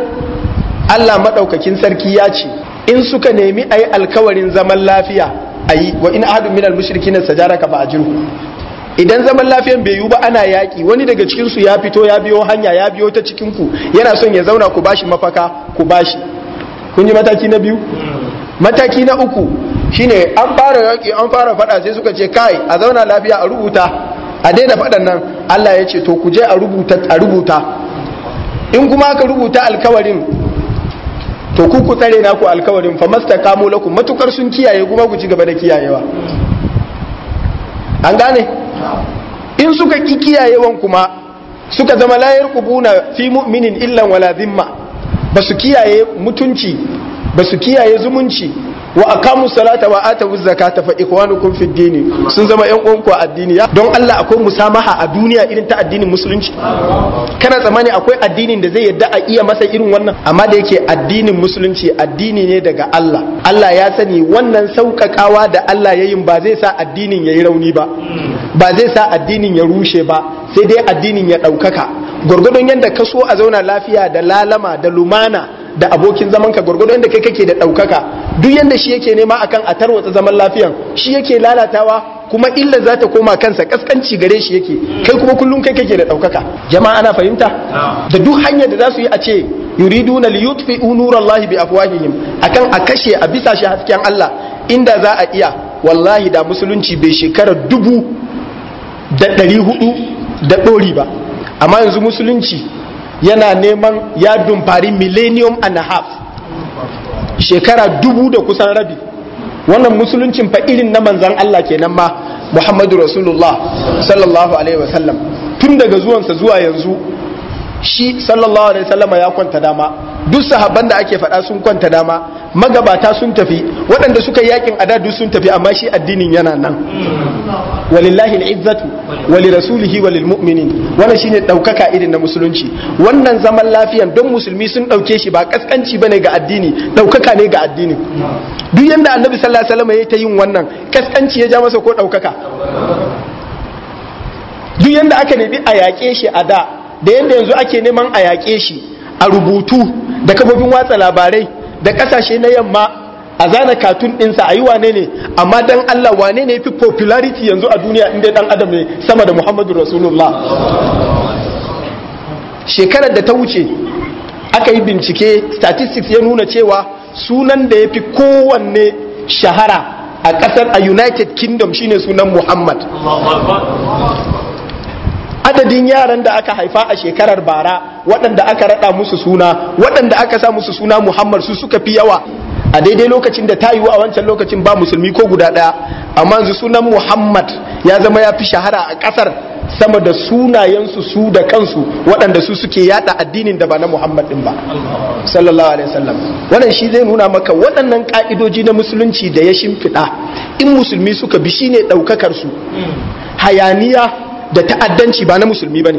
Allah maɗaukakin sarki ya ce in suka nemi a alkawarin zaman lafiya a yi wa in ahadun minal mushriki na ka ba a jirgu idan zaman lafiyan bai yiwu ba ana yaƙi wani daga cikinsu ya fito ya biyo hanya ya biyo ta cikinku yana son ya zauna ku bashi mafaka ku bashi kun yi mataki na biyu mataki na uku shine an fara yaƙi an fara faɗa sai suka ce kai a zauna lafiya a rubuta a daina faɗan nan Allah ya ce to ku je a rubuta a rubuta in kuma ka rubuta alkawarin to ku ku tsare naku alkawarin fa mastaqamu lakum matukar sun kiyaye kuma ku ci gaba da kiyayewa an gane in suka ki kiyayewan kuma suka zama layar kubuna fi mu'minin illan wala zimma ba su kiyaye mutunci ba su kiyaye zumunci wa aqamu salata wa atu zakata fa ikwanukum fid dini sun zama yan uwanku a addini don Allah akwai musamaha a duniya irin ta addinin musulunci kana tsammani akwai addinin da zai yadda a iya masa irin wannan amma da yake addinin musulunci addini ne daga Allah Allah ya sani wannan saukakawa da Allah ya yin ba zai sa addinin ya yi rauni ba ba zai sa addinin ya rushe ba sai dai addinin ya ɗaukaka gwargwadon yadda ka so a zauna lafiya da lalama da lumana da abokin zamanka gwargwadon yadda kai kake da ɗaukaka duk yadda shi yake nema akan a tarwatsa zaman lafiyan shi yake lalatawa kuma illa za ta koma kansa kaskanci gare shi yake kai kuma kullum kai kake da ɗaukaka jama'a ana fahimta da duk hanyar da za su yi a ce yuriduna liyutfi'u nurallahi bi afwahihim akan a kashe a bisa shi hasken Allah inda za a iya wallahi da musulunci bai shekara dubu da ɗari hudu da ɗori ba amma yanzu musulunci yana neman ya dumfari millennium and a half shekara dubu da kusan rabi wannan musuluncin fa irin na manzan Allah kenan ma Muhammadu Rasulullah sallallahu alaihi wasallam tun daga zuwansa zuwa yanzu shi sallallahu alaihi wasallam ya kwanta dama duk sahabban da ake faɗa sun kwanta dama magabata sun tafi waɗanda suka yakin adadu sun tafi amma shi addinin yana nan walillahi al'izzatu wali rasulihi wali mu'minin wannan shine ɗaukaka irin na musulunci wannan zaman lafiyan don musulmi sun ɗauke shi ba kaskanci bane ga addini ɗaukaka ne ga addini duk yanda annabi sallallahu alaihi wasallam ya ta yin wannan kaskanci ya ja masa ko ɗaukaka duk yanda aka nemi a yaƙe shi a da da yanda yanzu ake neman a yaƙe shi a rubutu da kafofin watsa labarai da kasashe na yamma a zana katun ɗinsa a yi wane ne amma dan Allah wane ne fi popularity yanzu a duniya inda dan adam ne sama da Muhammadu Rasulullah shekarar da ta wuce aka yi bincike statistics ya nuna cewa sunan da ya fi kowanne shahara a kasar a United Kingdom shine sunan Muhammad adadin yaran da aka haifa a shekarar bara waɗanda aka raɗa musu suna waɗanda aka sa musu suna muhammad su suka fi yawa a daidai lokacin da ta yiwu a wancan lokacin ba musulmi ko guda ɗaya amma yanzu sunan muhammad ya zama ya fi shahara a ƙasar sama da sunayensu su da kansu waɗanda su suke yada addinin da ba na muhammad ɗin ba sallallahu alaihi wasallam wannan shi zai nuna maka waɗannan ƙa'idoji na musulunci da ya shimfiɗa in musulmi suka bi shine ɗaukakar su hmm. hayaniya da ta'addanci ba na musulmi ba ne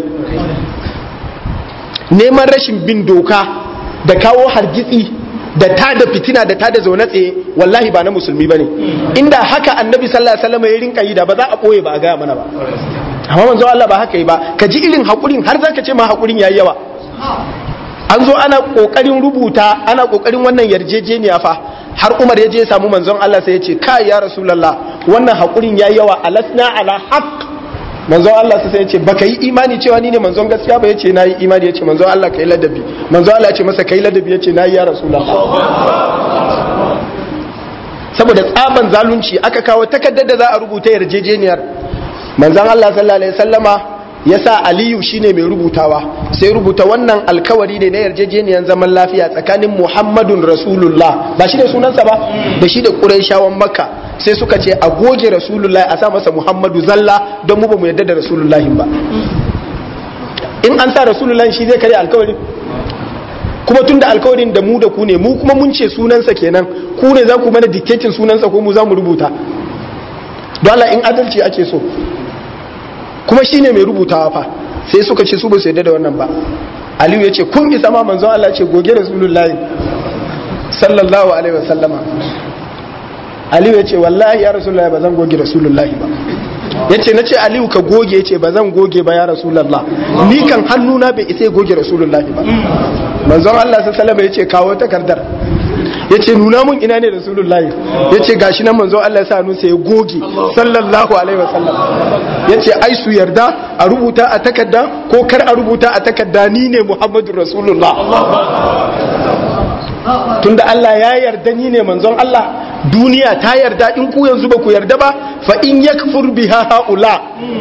neman rashin bin doka da kawo hargitsi da ta da fitina da ta da zaune tsaye wallahi ba na musulmi ba ne inda haka annabi sallallahu alaihi wasallam ya rinka yi da ba za a ɓoye ba a gaya mana ba amma manzo Allah ba haka yi ba ka ji irin hakurin har za ka ce ma hakurin yayi yawa an zo ana kokarin rubuta ana kokarin wannan yarjejeniya fa har Umar ya je ya samu manzon Allah sai ya ce kai ya rasulullah wannan hakurin yayi yawa alasna ala haqq manzon Allah sai ya ce baka yi imani cewa ni ne manzon gaskiya ba yace nayi imani yace manzon Allah kai ladabi manzon Allah ce masa kai ladabi yace nayi ya rasulullah saboda tsaban zalunci aka kawo takaddar da za a rubuta yarjejeniyar manzon Allah sallallahu alaihi wasallama Ya sa aliyu shine mai rubutawa sai rubuta wannan alkawari ne na yarjejeniyar zaman lafiya tsakanin muhammadun rasulullah ba shi da sunansa ba da shi da ƙurayshawan makka sai suka ce a goge rasulullah a sa masa muhammadu zalla don mu ba mu yarda da rasulullah ba in an sa rasulullah shi zai karya alkawari kuma tun da alkawarin da mu da ku ne mu kuma mun ce sunansa kenan ku ne za ku mana diktatin sunansa ko mu za mu rubuta dole in adalci ake so kuma shi ne mai rubutawa fa sai suka ce su ba su yadda da wannan ba aliyu ya ce kun isa ma manzon Allah ce goge layi sallallahu alaihi wasallama aliyu ya ce wallahi ya rasulullahi ba zan goge layi ba ya ce na ce aliyu ka goge ya ce ba zan goge ba ya rasulallah ni kan hannuna bai isa goge layi ba manzon Allah sallallahu alaihi wasallama ya ce kawo takardar ya ce nuna mun ina ne rasulullahi ya ce gashi nan manzo Allah ya sa hannunsa ya goge sallallahu alaihi wasallam ya ce ai su yarda a rubuta a takarda ko kar a rubuta a takarda ni ne muhammadu rasulullah tunda Allah ya yarda ni ne manzon Allah duniya ta yarda in ku yanzu ba ku yarda ba fa in yakfur biha haula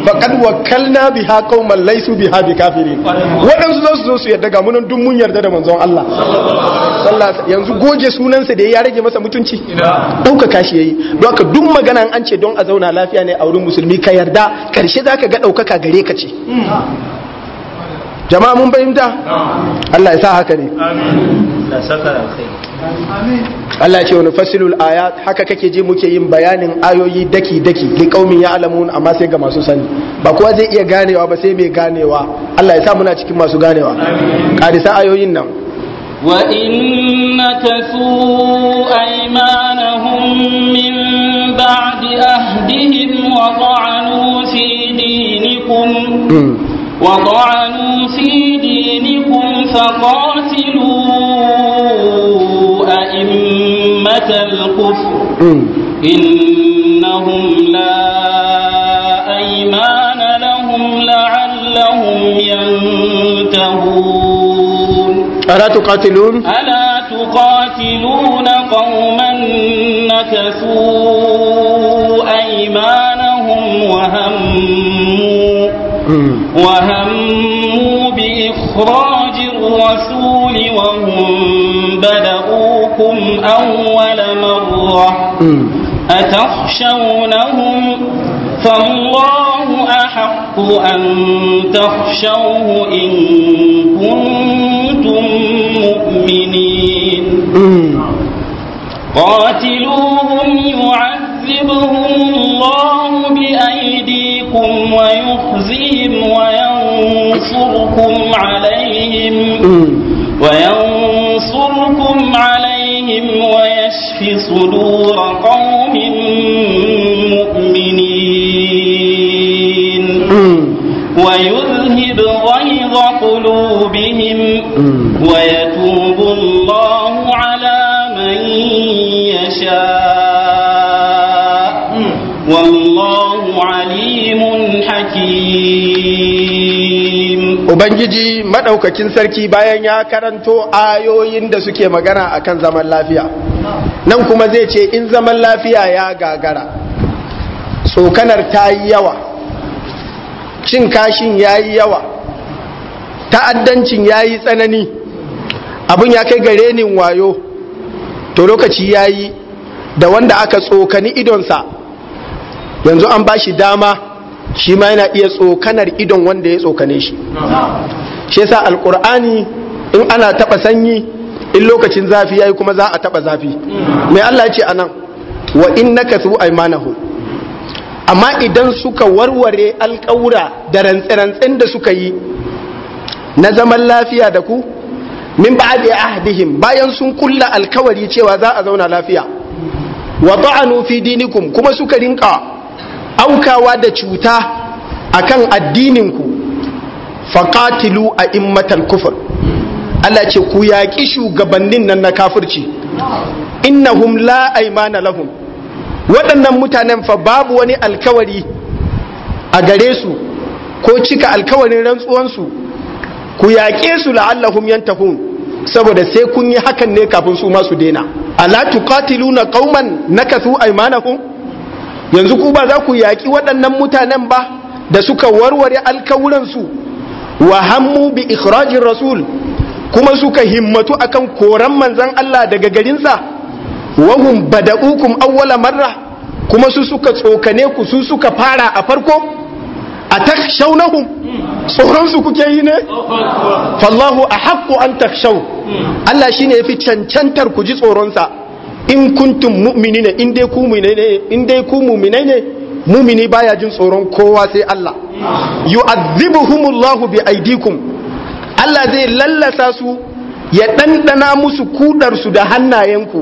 faqad wakkalna biha qauman laysu biha bikafirin waɗansu za su zo su yarda ga munan duk mun yarda da manzon Allah yanzu goge sunansa da ya rage masa mutunci dauka kashi yayi don ka duk magana an ce don a zauna lafiya ne a wurin musulmi ka yarda karshe ka ga ɗaukaka gare ka ce jama'a mun fahimta Allah ya sa haka ne Allah ce wani fasilul ayat haka kake ji muke yin bayanin ayoyi daki daki kaumin ya alamun amma sai ga masu sani ba kowa zai iya ganewa ba sai mai ganewa Allah ya sa muna cikin masu ganewa karisa ayoyin nan wa innaka su aymanahum min ba'di ahdihim wa ta'anu fi dinikum hmm. وطعنوا في دينكم فقاتلوا أئمة الكفر إنهم لا أيمان لهم لعلهم ينتهون ألا تقاتلون ألا تقاتلون قوما نكثوا أيمانهم وهم وهموا بإخراج الرسول وهم بلغوكم أول مرة أتخشونهم فالله أحق أن تخشوه إن كنتم مؤمنين قاتلوهم يعذبهم يخزيهم وينصركم عليهم وينصركم عليهم ويشفي صدور قوم مؤمنين ويذهب غيظ قلوبهم ويتوب الله عليهم ubangiji madaukakin sarki bayan ya karanto ayoyin da suke magana akan zaman lafiya nan kuma zai ce in zaman lafiya ya gagara tsokanar ta yi yawa cin kashin ya yi yawa ta'addancin ya yi tsanani abin ya kai gare ni wayo to lokaci ya yi da wanda aka tsokani idonsa yanzu an ba shi dama shi ma yana iya tsokanar idon wanda ya tsokane shi shi yasa alkur'ani in ana taba sanyi in lokacin zafi yayi kuma za a taba zafi mai Allah ya ce anan wa innaka su aymanahum amma idan suka warware alƙawura da rantsirantsin da suka yi na zaman lafiya da ku min ba'di ahdihim bayan sun kulla alkawari cewa za a zauna lafiya wa ta'anu fi dinikum kuma suka rinka aukawa da cuta a akan addininku faƙatilu a immatar kufur Allah ce ku yaƙi shugabannin nan na kafirci innahum la na lahum waɗannan mutanen fa babu wani alkawari a gare su ko cika alkawarin rantsuwansu ku yaƙe su la'allahum yantahun saboda sai kun yi hakan ne kafin su masu daina ala ƙauman na kasu aymanahum yanzu ku ba za ku yaƙi waɗannan mutanen ba da suka warware alkawuransu wa hammu bi ikhrajin rasul kuma suka himmatu akan koran manzan Allah daga garinsa wahum bada'ukum awwala marra kuma su suka tsokane ku su suka fara a farko a takshaunahum tsoronsu kuke yi ne fallahu a haƙƙo an takshau hmm. Allah shine ya fi cancantar ku ji tsoronsa in kuntum ne in dai ku mu'minai in dai ku mu'minai ne mu'mini baya jin tsoron kowa sai Allah yu'adhibuhumullahu bi aidikum Allah zai lallasa su ya dandana musu kudar su da hannayenku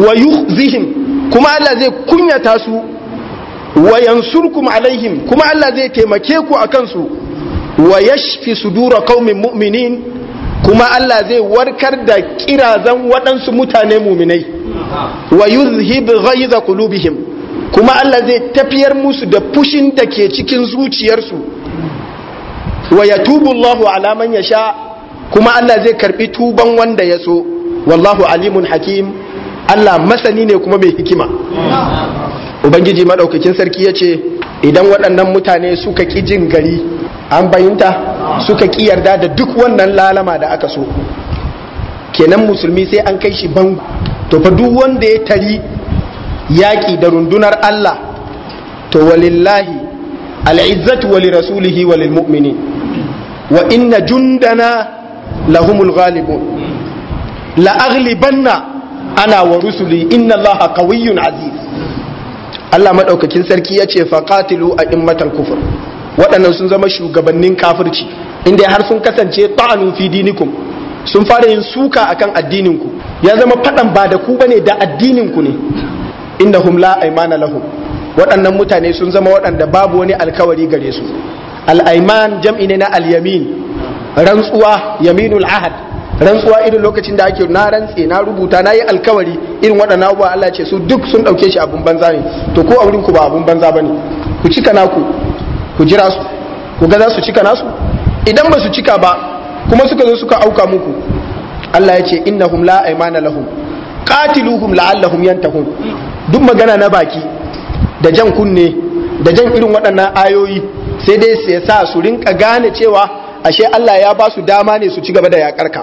wa yukhzihim kuma Allah zai kunyata su wa yansurkum alaihim kuma Allah zai taimake ku akan su wa yashfi sudura qaumin mu'minin kuma Allah zai warkar da kirazan waɗansu mutane muminai wa yuzhib ghaiza qulubihim kuma Allah zai tafiyar musu da fushin da ke cikin zuciyarsu wa yatubu Allahu ala man yasha kuma Allah zai karbi tuban wanda ya so wallahu alimun hakim Allah masani ne kuma mai hikima ubangiji madaukakin sarki ya ce, idan waɗannan mutane suka ƙi jin gari an bayinta suka ki yarda da duk wannan lalama da aka so kenan musulmi sai an kai shi bangu. to fa duk wanda ya tari yaƙi da rundunar Allah to walillahi al'izzatu wali rasulihi wa lilmu'mini wa inna jundana lahumul ghalibun la aghlibanna ana wa rusuli inna allaha qawiyyun aziz Allah madaukakin sarki yace faqatilu a immatal kufr waɗannan sun zama shugabannin kafirci inda har sun kasance ta'anu fi dinikum sun fara yin suka akan addininku ya zama faɗan ba da ku bane da addininku ku ne inda la aymana lahu. waɗannan mutane sun zama waɗanda babu wani alkawari gare su al'aiman jam'i ne na al-yamin rantsuwa yaminul ahad rantsuwa irin lokacin da ake na rantse na rubuta na yi alkawari irin waɗannan abubuwa Allah ce su duk sun ɗauke shi abun banza ne to ko a wurin ku ba abun banza bane ku cika naku ku jira su ku ga za su cika nasu idan ba su cika ba kuma suka zo suka auka muku Allah ya ce innahum la aymana lahum qatiluhum la'allahum yantahun duk magana na baki da jan kunne da jan irin waɗannan ayoyi sai dai su yasa su rinka gane cewa ashe Allah ya ba su dama ne su ci gaba da ka.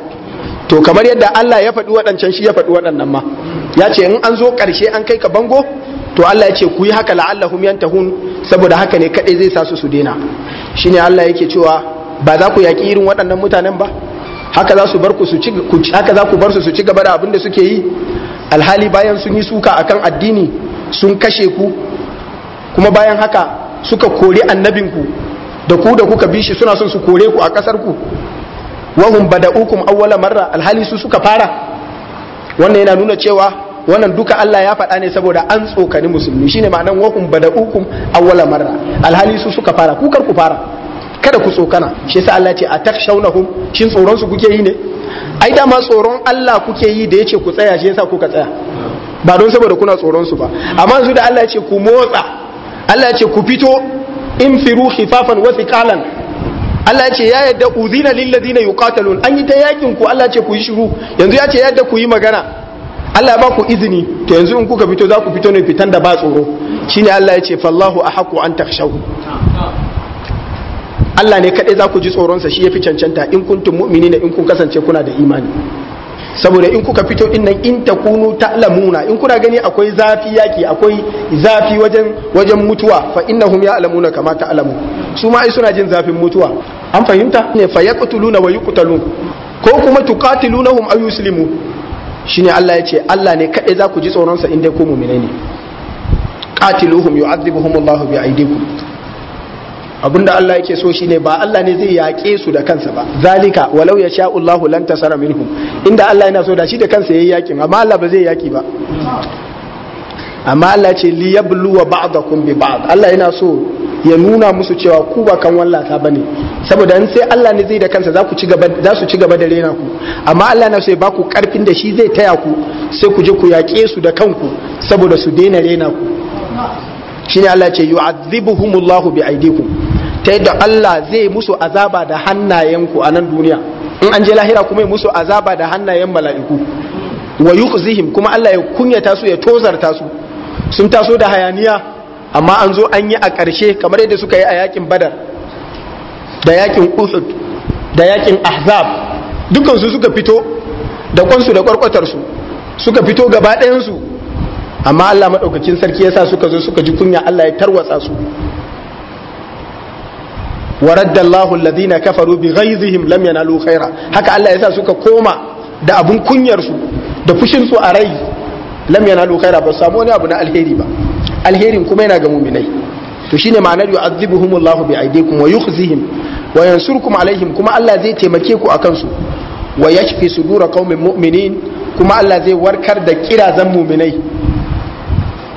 to kamar yadda Allah ya faɗi waɗancan shi ya faɗi waɗannan ma ya ce in an zo ƙarshe an kai ka bango to Allah ya ce ku yi haka la'allahum yantahun saboda haka ne kadai zai sasu su su daina shine Allah yake cewa ba za ku yaki irin waɗannan mutanen ba haka za su ku su ci haka za bar su su ci gaba da abin da suke yi alhali bayan sun yi suka a kan addini sun kashe ku kuma bayan haka suka kore annabinku da ku da kuka bi shi suna son su kore ku a ƙasar ku wahum ukun awwala marra alhali su suka fara wannan yana nuna cewa wannan duka Allah ya faɗa ne saboda an tsokani musulmi shine ma'anan wakum bada'ukum awwala marra alhali su suka fara kukar ku fara kada ku tsokana shi yasa Allah ce atakshawnahum shin tsoron su kuke yi ne ai dama tsoron Allah kuke yi da yace ku tsaya shi yasa kuka tsaya ba don saboda kuna tsoron su ba amma su da Allah ya ce ku motsa Allah ya ce ku fito infiru khifafan wa thiqalan Allah ce ya yadda uzina lil ladina yuqatalun an yi ta yakin ku Allah ce ku yi shiru yanzu ya ce yadda ku yi magana Allah ya ba ku izini to yanzu in kuka fito za ku fito ne fitan da ba tsoro Shi ne Allah ya ce fallahu haku an takhshahu Allah ne kaɗai za ku ji tsoronsa shi ya fi cancanta in mu'mini na in kun kasance kuna da imani saboda in kuka fito in nan in takunu lamuna in kuna gani akwai zafi yaki akwai zafi wajen wajen mutuwa fa innahum alamuna kama alamu su ma suna jin zafin mutuwa an fahimta ne fa yaqtuluna wa yuqtalun ko kuma tuqatilunahum ay yuslimu shine Allah ya ce Allah ne kaɗai za ku ji tsoronsa in dai ku muminai ne katiluhum yu'adhibuhum Allah bi aydikum abinda Allah yake so shine ba Allah ne zai yaƙe su da kansa ba zalika walau ya sha Allah lan tasara minhum inda Allah yana so da shi da kansa yayi yaƙin amma Allah ba zai yaƙi ba amma Allah ce liyabluwa ba'dakum bi ba'd Allah yana so ya nuna musu cewa ku ba kan wallata bane saboda in sai Allah ne zai da kansa za ci gaba su ci gaba da rena ku amma Allah na sai ba ku karfin da shi zai taya ku sai ku je ku yaƙe su da kanku saboda su daina rena ku shine Allah ce yu'adhibuhumullahu bi aidikum ta yadda Allah zai musu azaba da hannayenku a nan duniya in an je lahira kuma ya musu azaba da hannayen mala'iku wa zihim kuma Allah ya kunyata su ya tozarta su sun taso da hayaniya amma an zo an yi a ƙarshe kamar yadda suka yi a yakin badar da yakin uhud da yakin ahzab dukansu suka fito da kwansu da kwarkwatarsu suka fito gaba ɗayansu amma allah maɗaukakin sarki ya sa suka zo suka ji kunya allah ya tarwatsa su waradda allahu alladhina kafaru bi ghaizihim lam yanalu khaira haka allah ya sa suka koma da abun kunyarsu da fushinsu a rai lam yanalu khaira ba samu wani abu na alheri ba alherin kuma yana ga muminai to shine ma'anar yu'adhibuhumullahu bi aydikum wa yukhzihim wa yansurukum alaihim kuma Allah zai taimake ku akan su wa yashfi sudura qaumin mu'minin kuma Allah zai warkar da kirazan muminai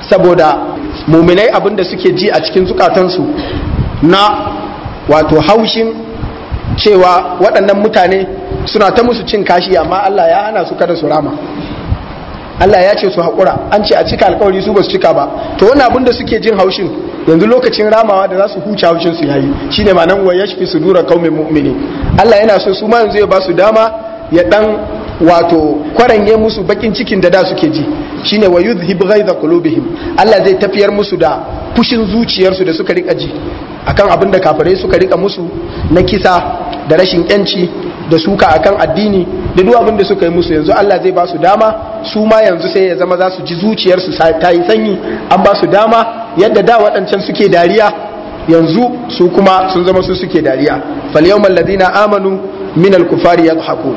saboda muminai abinda suke ji a cikin zukatansu na wato haushin cewa waɗannan mutane suna ta musu cin kashi amma Allah ya hana su kada su rama Allah ya ce su haƙura an ce a cika alƙawari su ba su cika ba to wani abin da suke jin haushin yanzu lokacin ramawa da za su huce haushin su yayi shine ma nan wa yashfi sudura kaumin mu'mini Allah yana so su ma yanzu ya ba su dama ya dan wato kwarange musu bakin cikin da da suke ji shine wa yuzhib da qulubihim Allah zai tafiyar musu da fushin zuciyarsu da suka rika ji akan abin da kafirai suka rika musu na kisa da rashin yanci da suka akan addini da duk abin da suka yi musu yanzu Allah zai ba su dama su ma yanzu sai ya zama za su ji zuciyarsu ta yi sanyi an ba su dama yadda da waɗancan suke dariya yanzu su kuma sun zama su suke dariya fal yawmal ladina amanu minal kufari yadhakun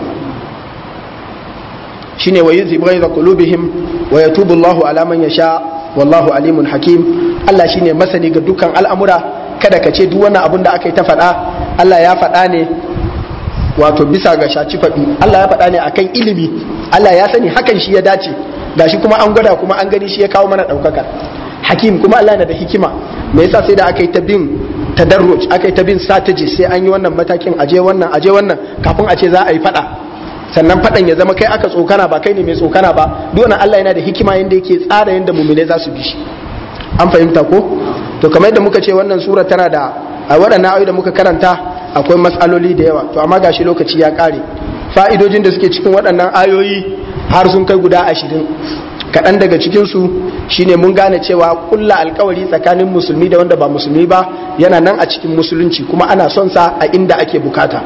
shine wa yuzhibu da kulubihim wa yatubu Allahu ala man yasha wallahu alimun hakim Allah shine masani ga dukkan al'amura kada ka ce duk wannan abin da aka yi ta faɗa Allah ya faɗa ne wato bisa ga shaci faɗi Allah ya faɗa ne akan ilimi Allah ya sani hakan shi ya dace ga shi kuma an gwada kuma an gani shi ya kawo mana ɗaukaka hakim kuma Allah yana da hikima me yasa sai da aka yi ta bin tadarruj aka yi ta bin strategy sai an yi wannan matakin aje wannan aje wannan kafin a ce za a yi faɗa sannan fadan ya zama kai aka tsokana ba kai ne mai tsokana ba dole Allah yana da hikima yanda yake tsara yanda mu'mine za su bi shi an fahimta ko to kamar yadda muka ce wannan sura tana da a wadannan ayoyi da muka karanta akwai matsaloli da yawa to amma gashi lokaci ya kare fa'idojin da suke cikin waɗannan ayoyi har sun kai guda ashirin kaɗan daga cikin su shine mun gane cewa kulla alkawari tsakanin musulmi da wanda ba musulmi ba yana nan a cikin musulunci kuma ana son sa a inda ake bukata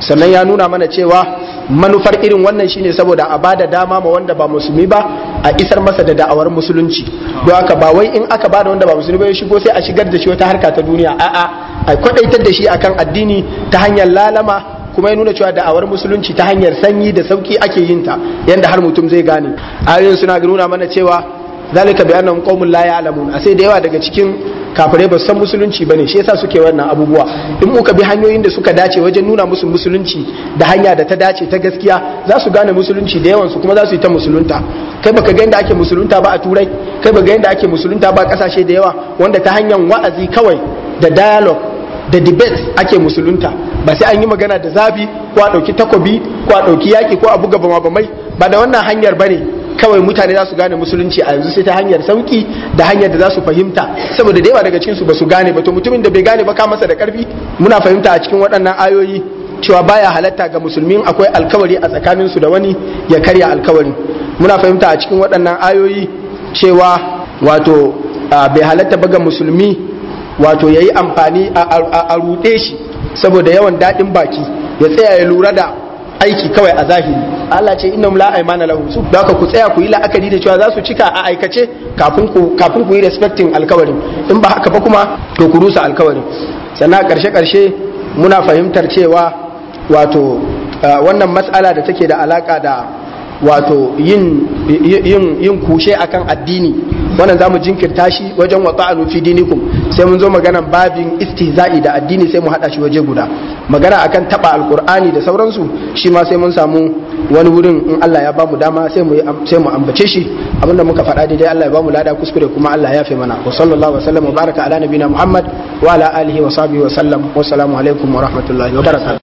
sannan ya nuna mana cewa manufar irin wannan shine saboda a bada dama ma wanda ba musulmi ba a isar masa da da'awar musulunci don haka ba wai in aka bada wanda ba musulmi ba ya shigo sai a shigar da shi wata harka ta duniya a'a a kwadaitar da shi akan addini ta hanyar lalama kuma ya nuna cewa da'awar musulunci ta hanyar sanyi da sauki ake yin ta yanda har mutum zai gane ayoyin suna nuna mana cewa zalika bi annahum qaumun la ya'lamun a sai da yawa daga cikin kafirai ba san musulunci ba ne shi yasa suke wannan abubuwa in muka bi hanyoyin da suka dace wajen nuna musu musulunci da hanya da ta dace ta gaskiya za su gane musulunci da yawansu kuma za su yi ta musulunta kai baka ga yadda ake musulunta ba a turai kai baka ga yadda ake musulunta ba a kasashe da yawa wanda ta hanyar wa'azi kawai da dialogue da debate ake musulunta ba sai an yi magana da zafi ko a ɗauki takobi ko a ɗauki yaki ko a buga bama bamai ba da wannan hanyar ba ne kawai mutane za su gane musulunci a yanzu sai ta hanyar sauki da hanyar da za su fahimta saboda da yawa daga cikin su ba su gane ba to mutumin da bai gane ba ka masa da karfi muna fahimta a cikin waɗannan ayoyi cewa baya halatta ga musulmin akwai alkawari a tsakanin su da wani ya karya alkawari muna fahimta a cikin waɗannan ayoyi cewa wato bai halatta ba ga musulmi wato yayi amfani a ruɗe shi saboda yawan daɗin baki ya tsaya ya lura da aiki kawai a zahiri Allah ce inna la aymana lahu su da ku tsaya ku yi la'akari da cewa za su cika a aikace kafin ku kafin ku yi respecting alkawarin in ba haka ba kuma to ku rusa alkawarin sannan karshe karshe muna fahimtar cewa wato wannan matsala da take da alaka da wato yin kushe akan addini wannan zamu jinkirta shi wajen wata'anu fi dinikum sai mun zo maganan babin istihza'i da addini sai mu hada shi waje guda magana akan taba alqur'ani da sauransu shi ma sai mun samu wani wurin in Allah ya bamu dama sai mu sai mu ambace shi abinda muka faɗa daidai Allah ya bamu lada kuskure kuma Allah ya fi mana wa sallallahu wa baraka ala nabina Muhammad wa ala alihi wa sahbihi wa sallam wa alaikum wa rahmatullahi wa barakatuh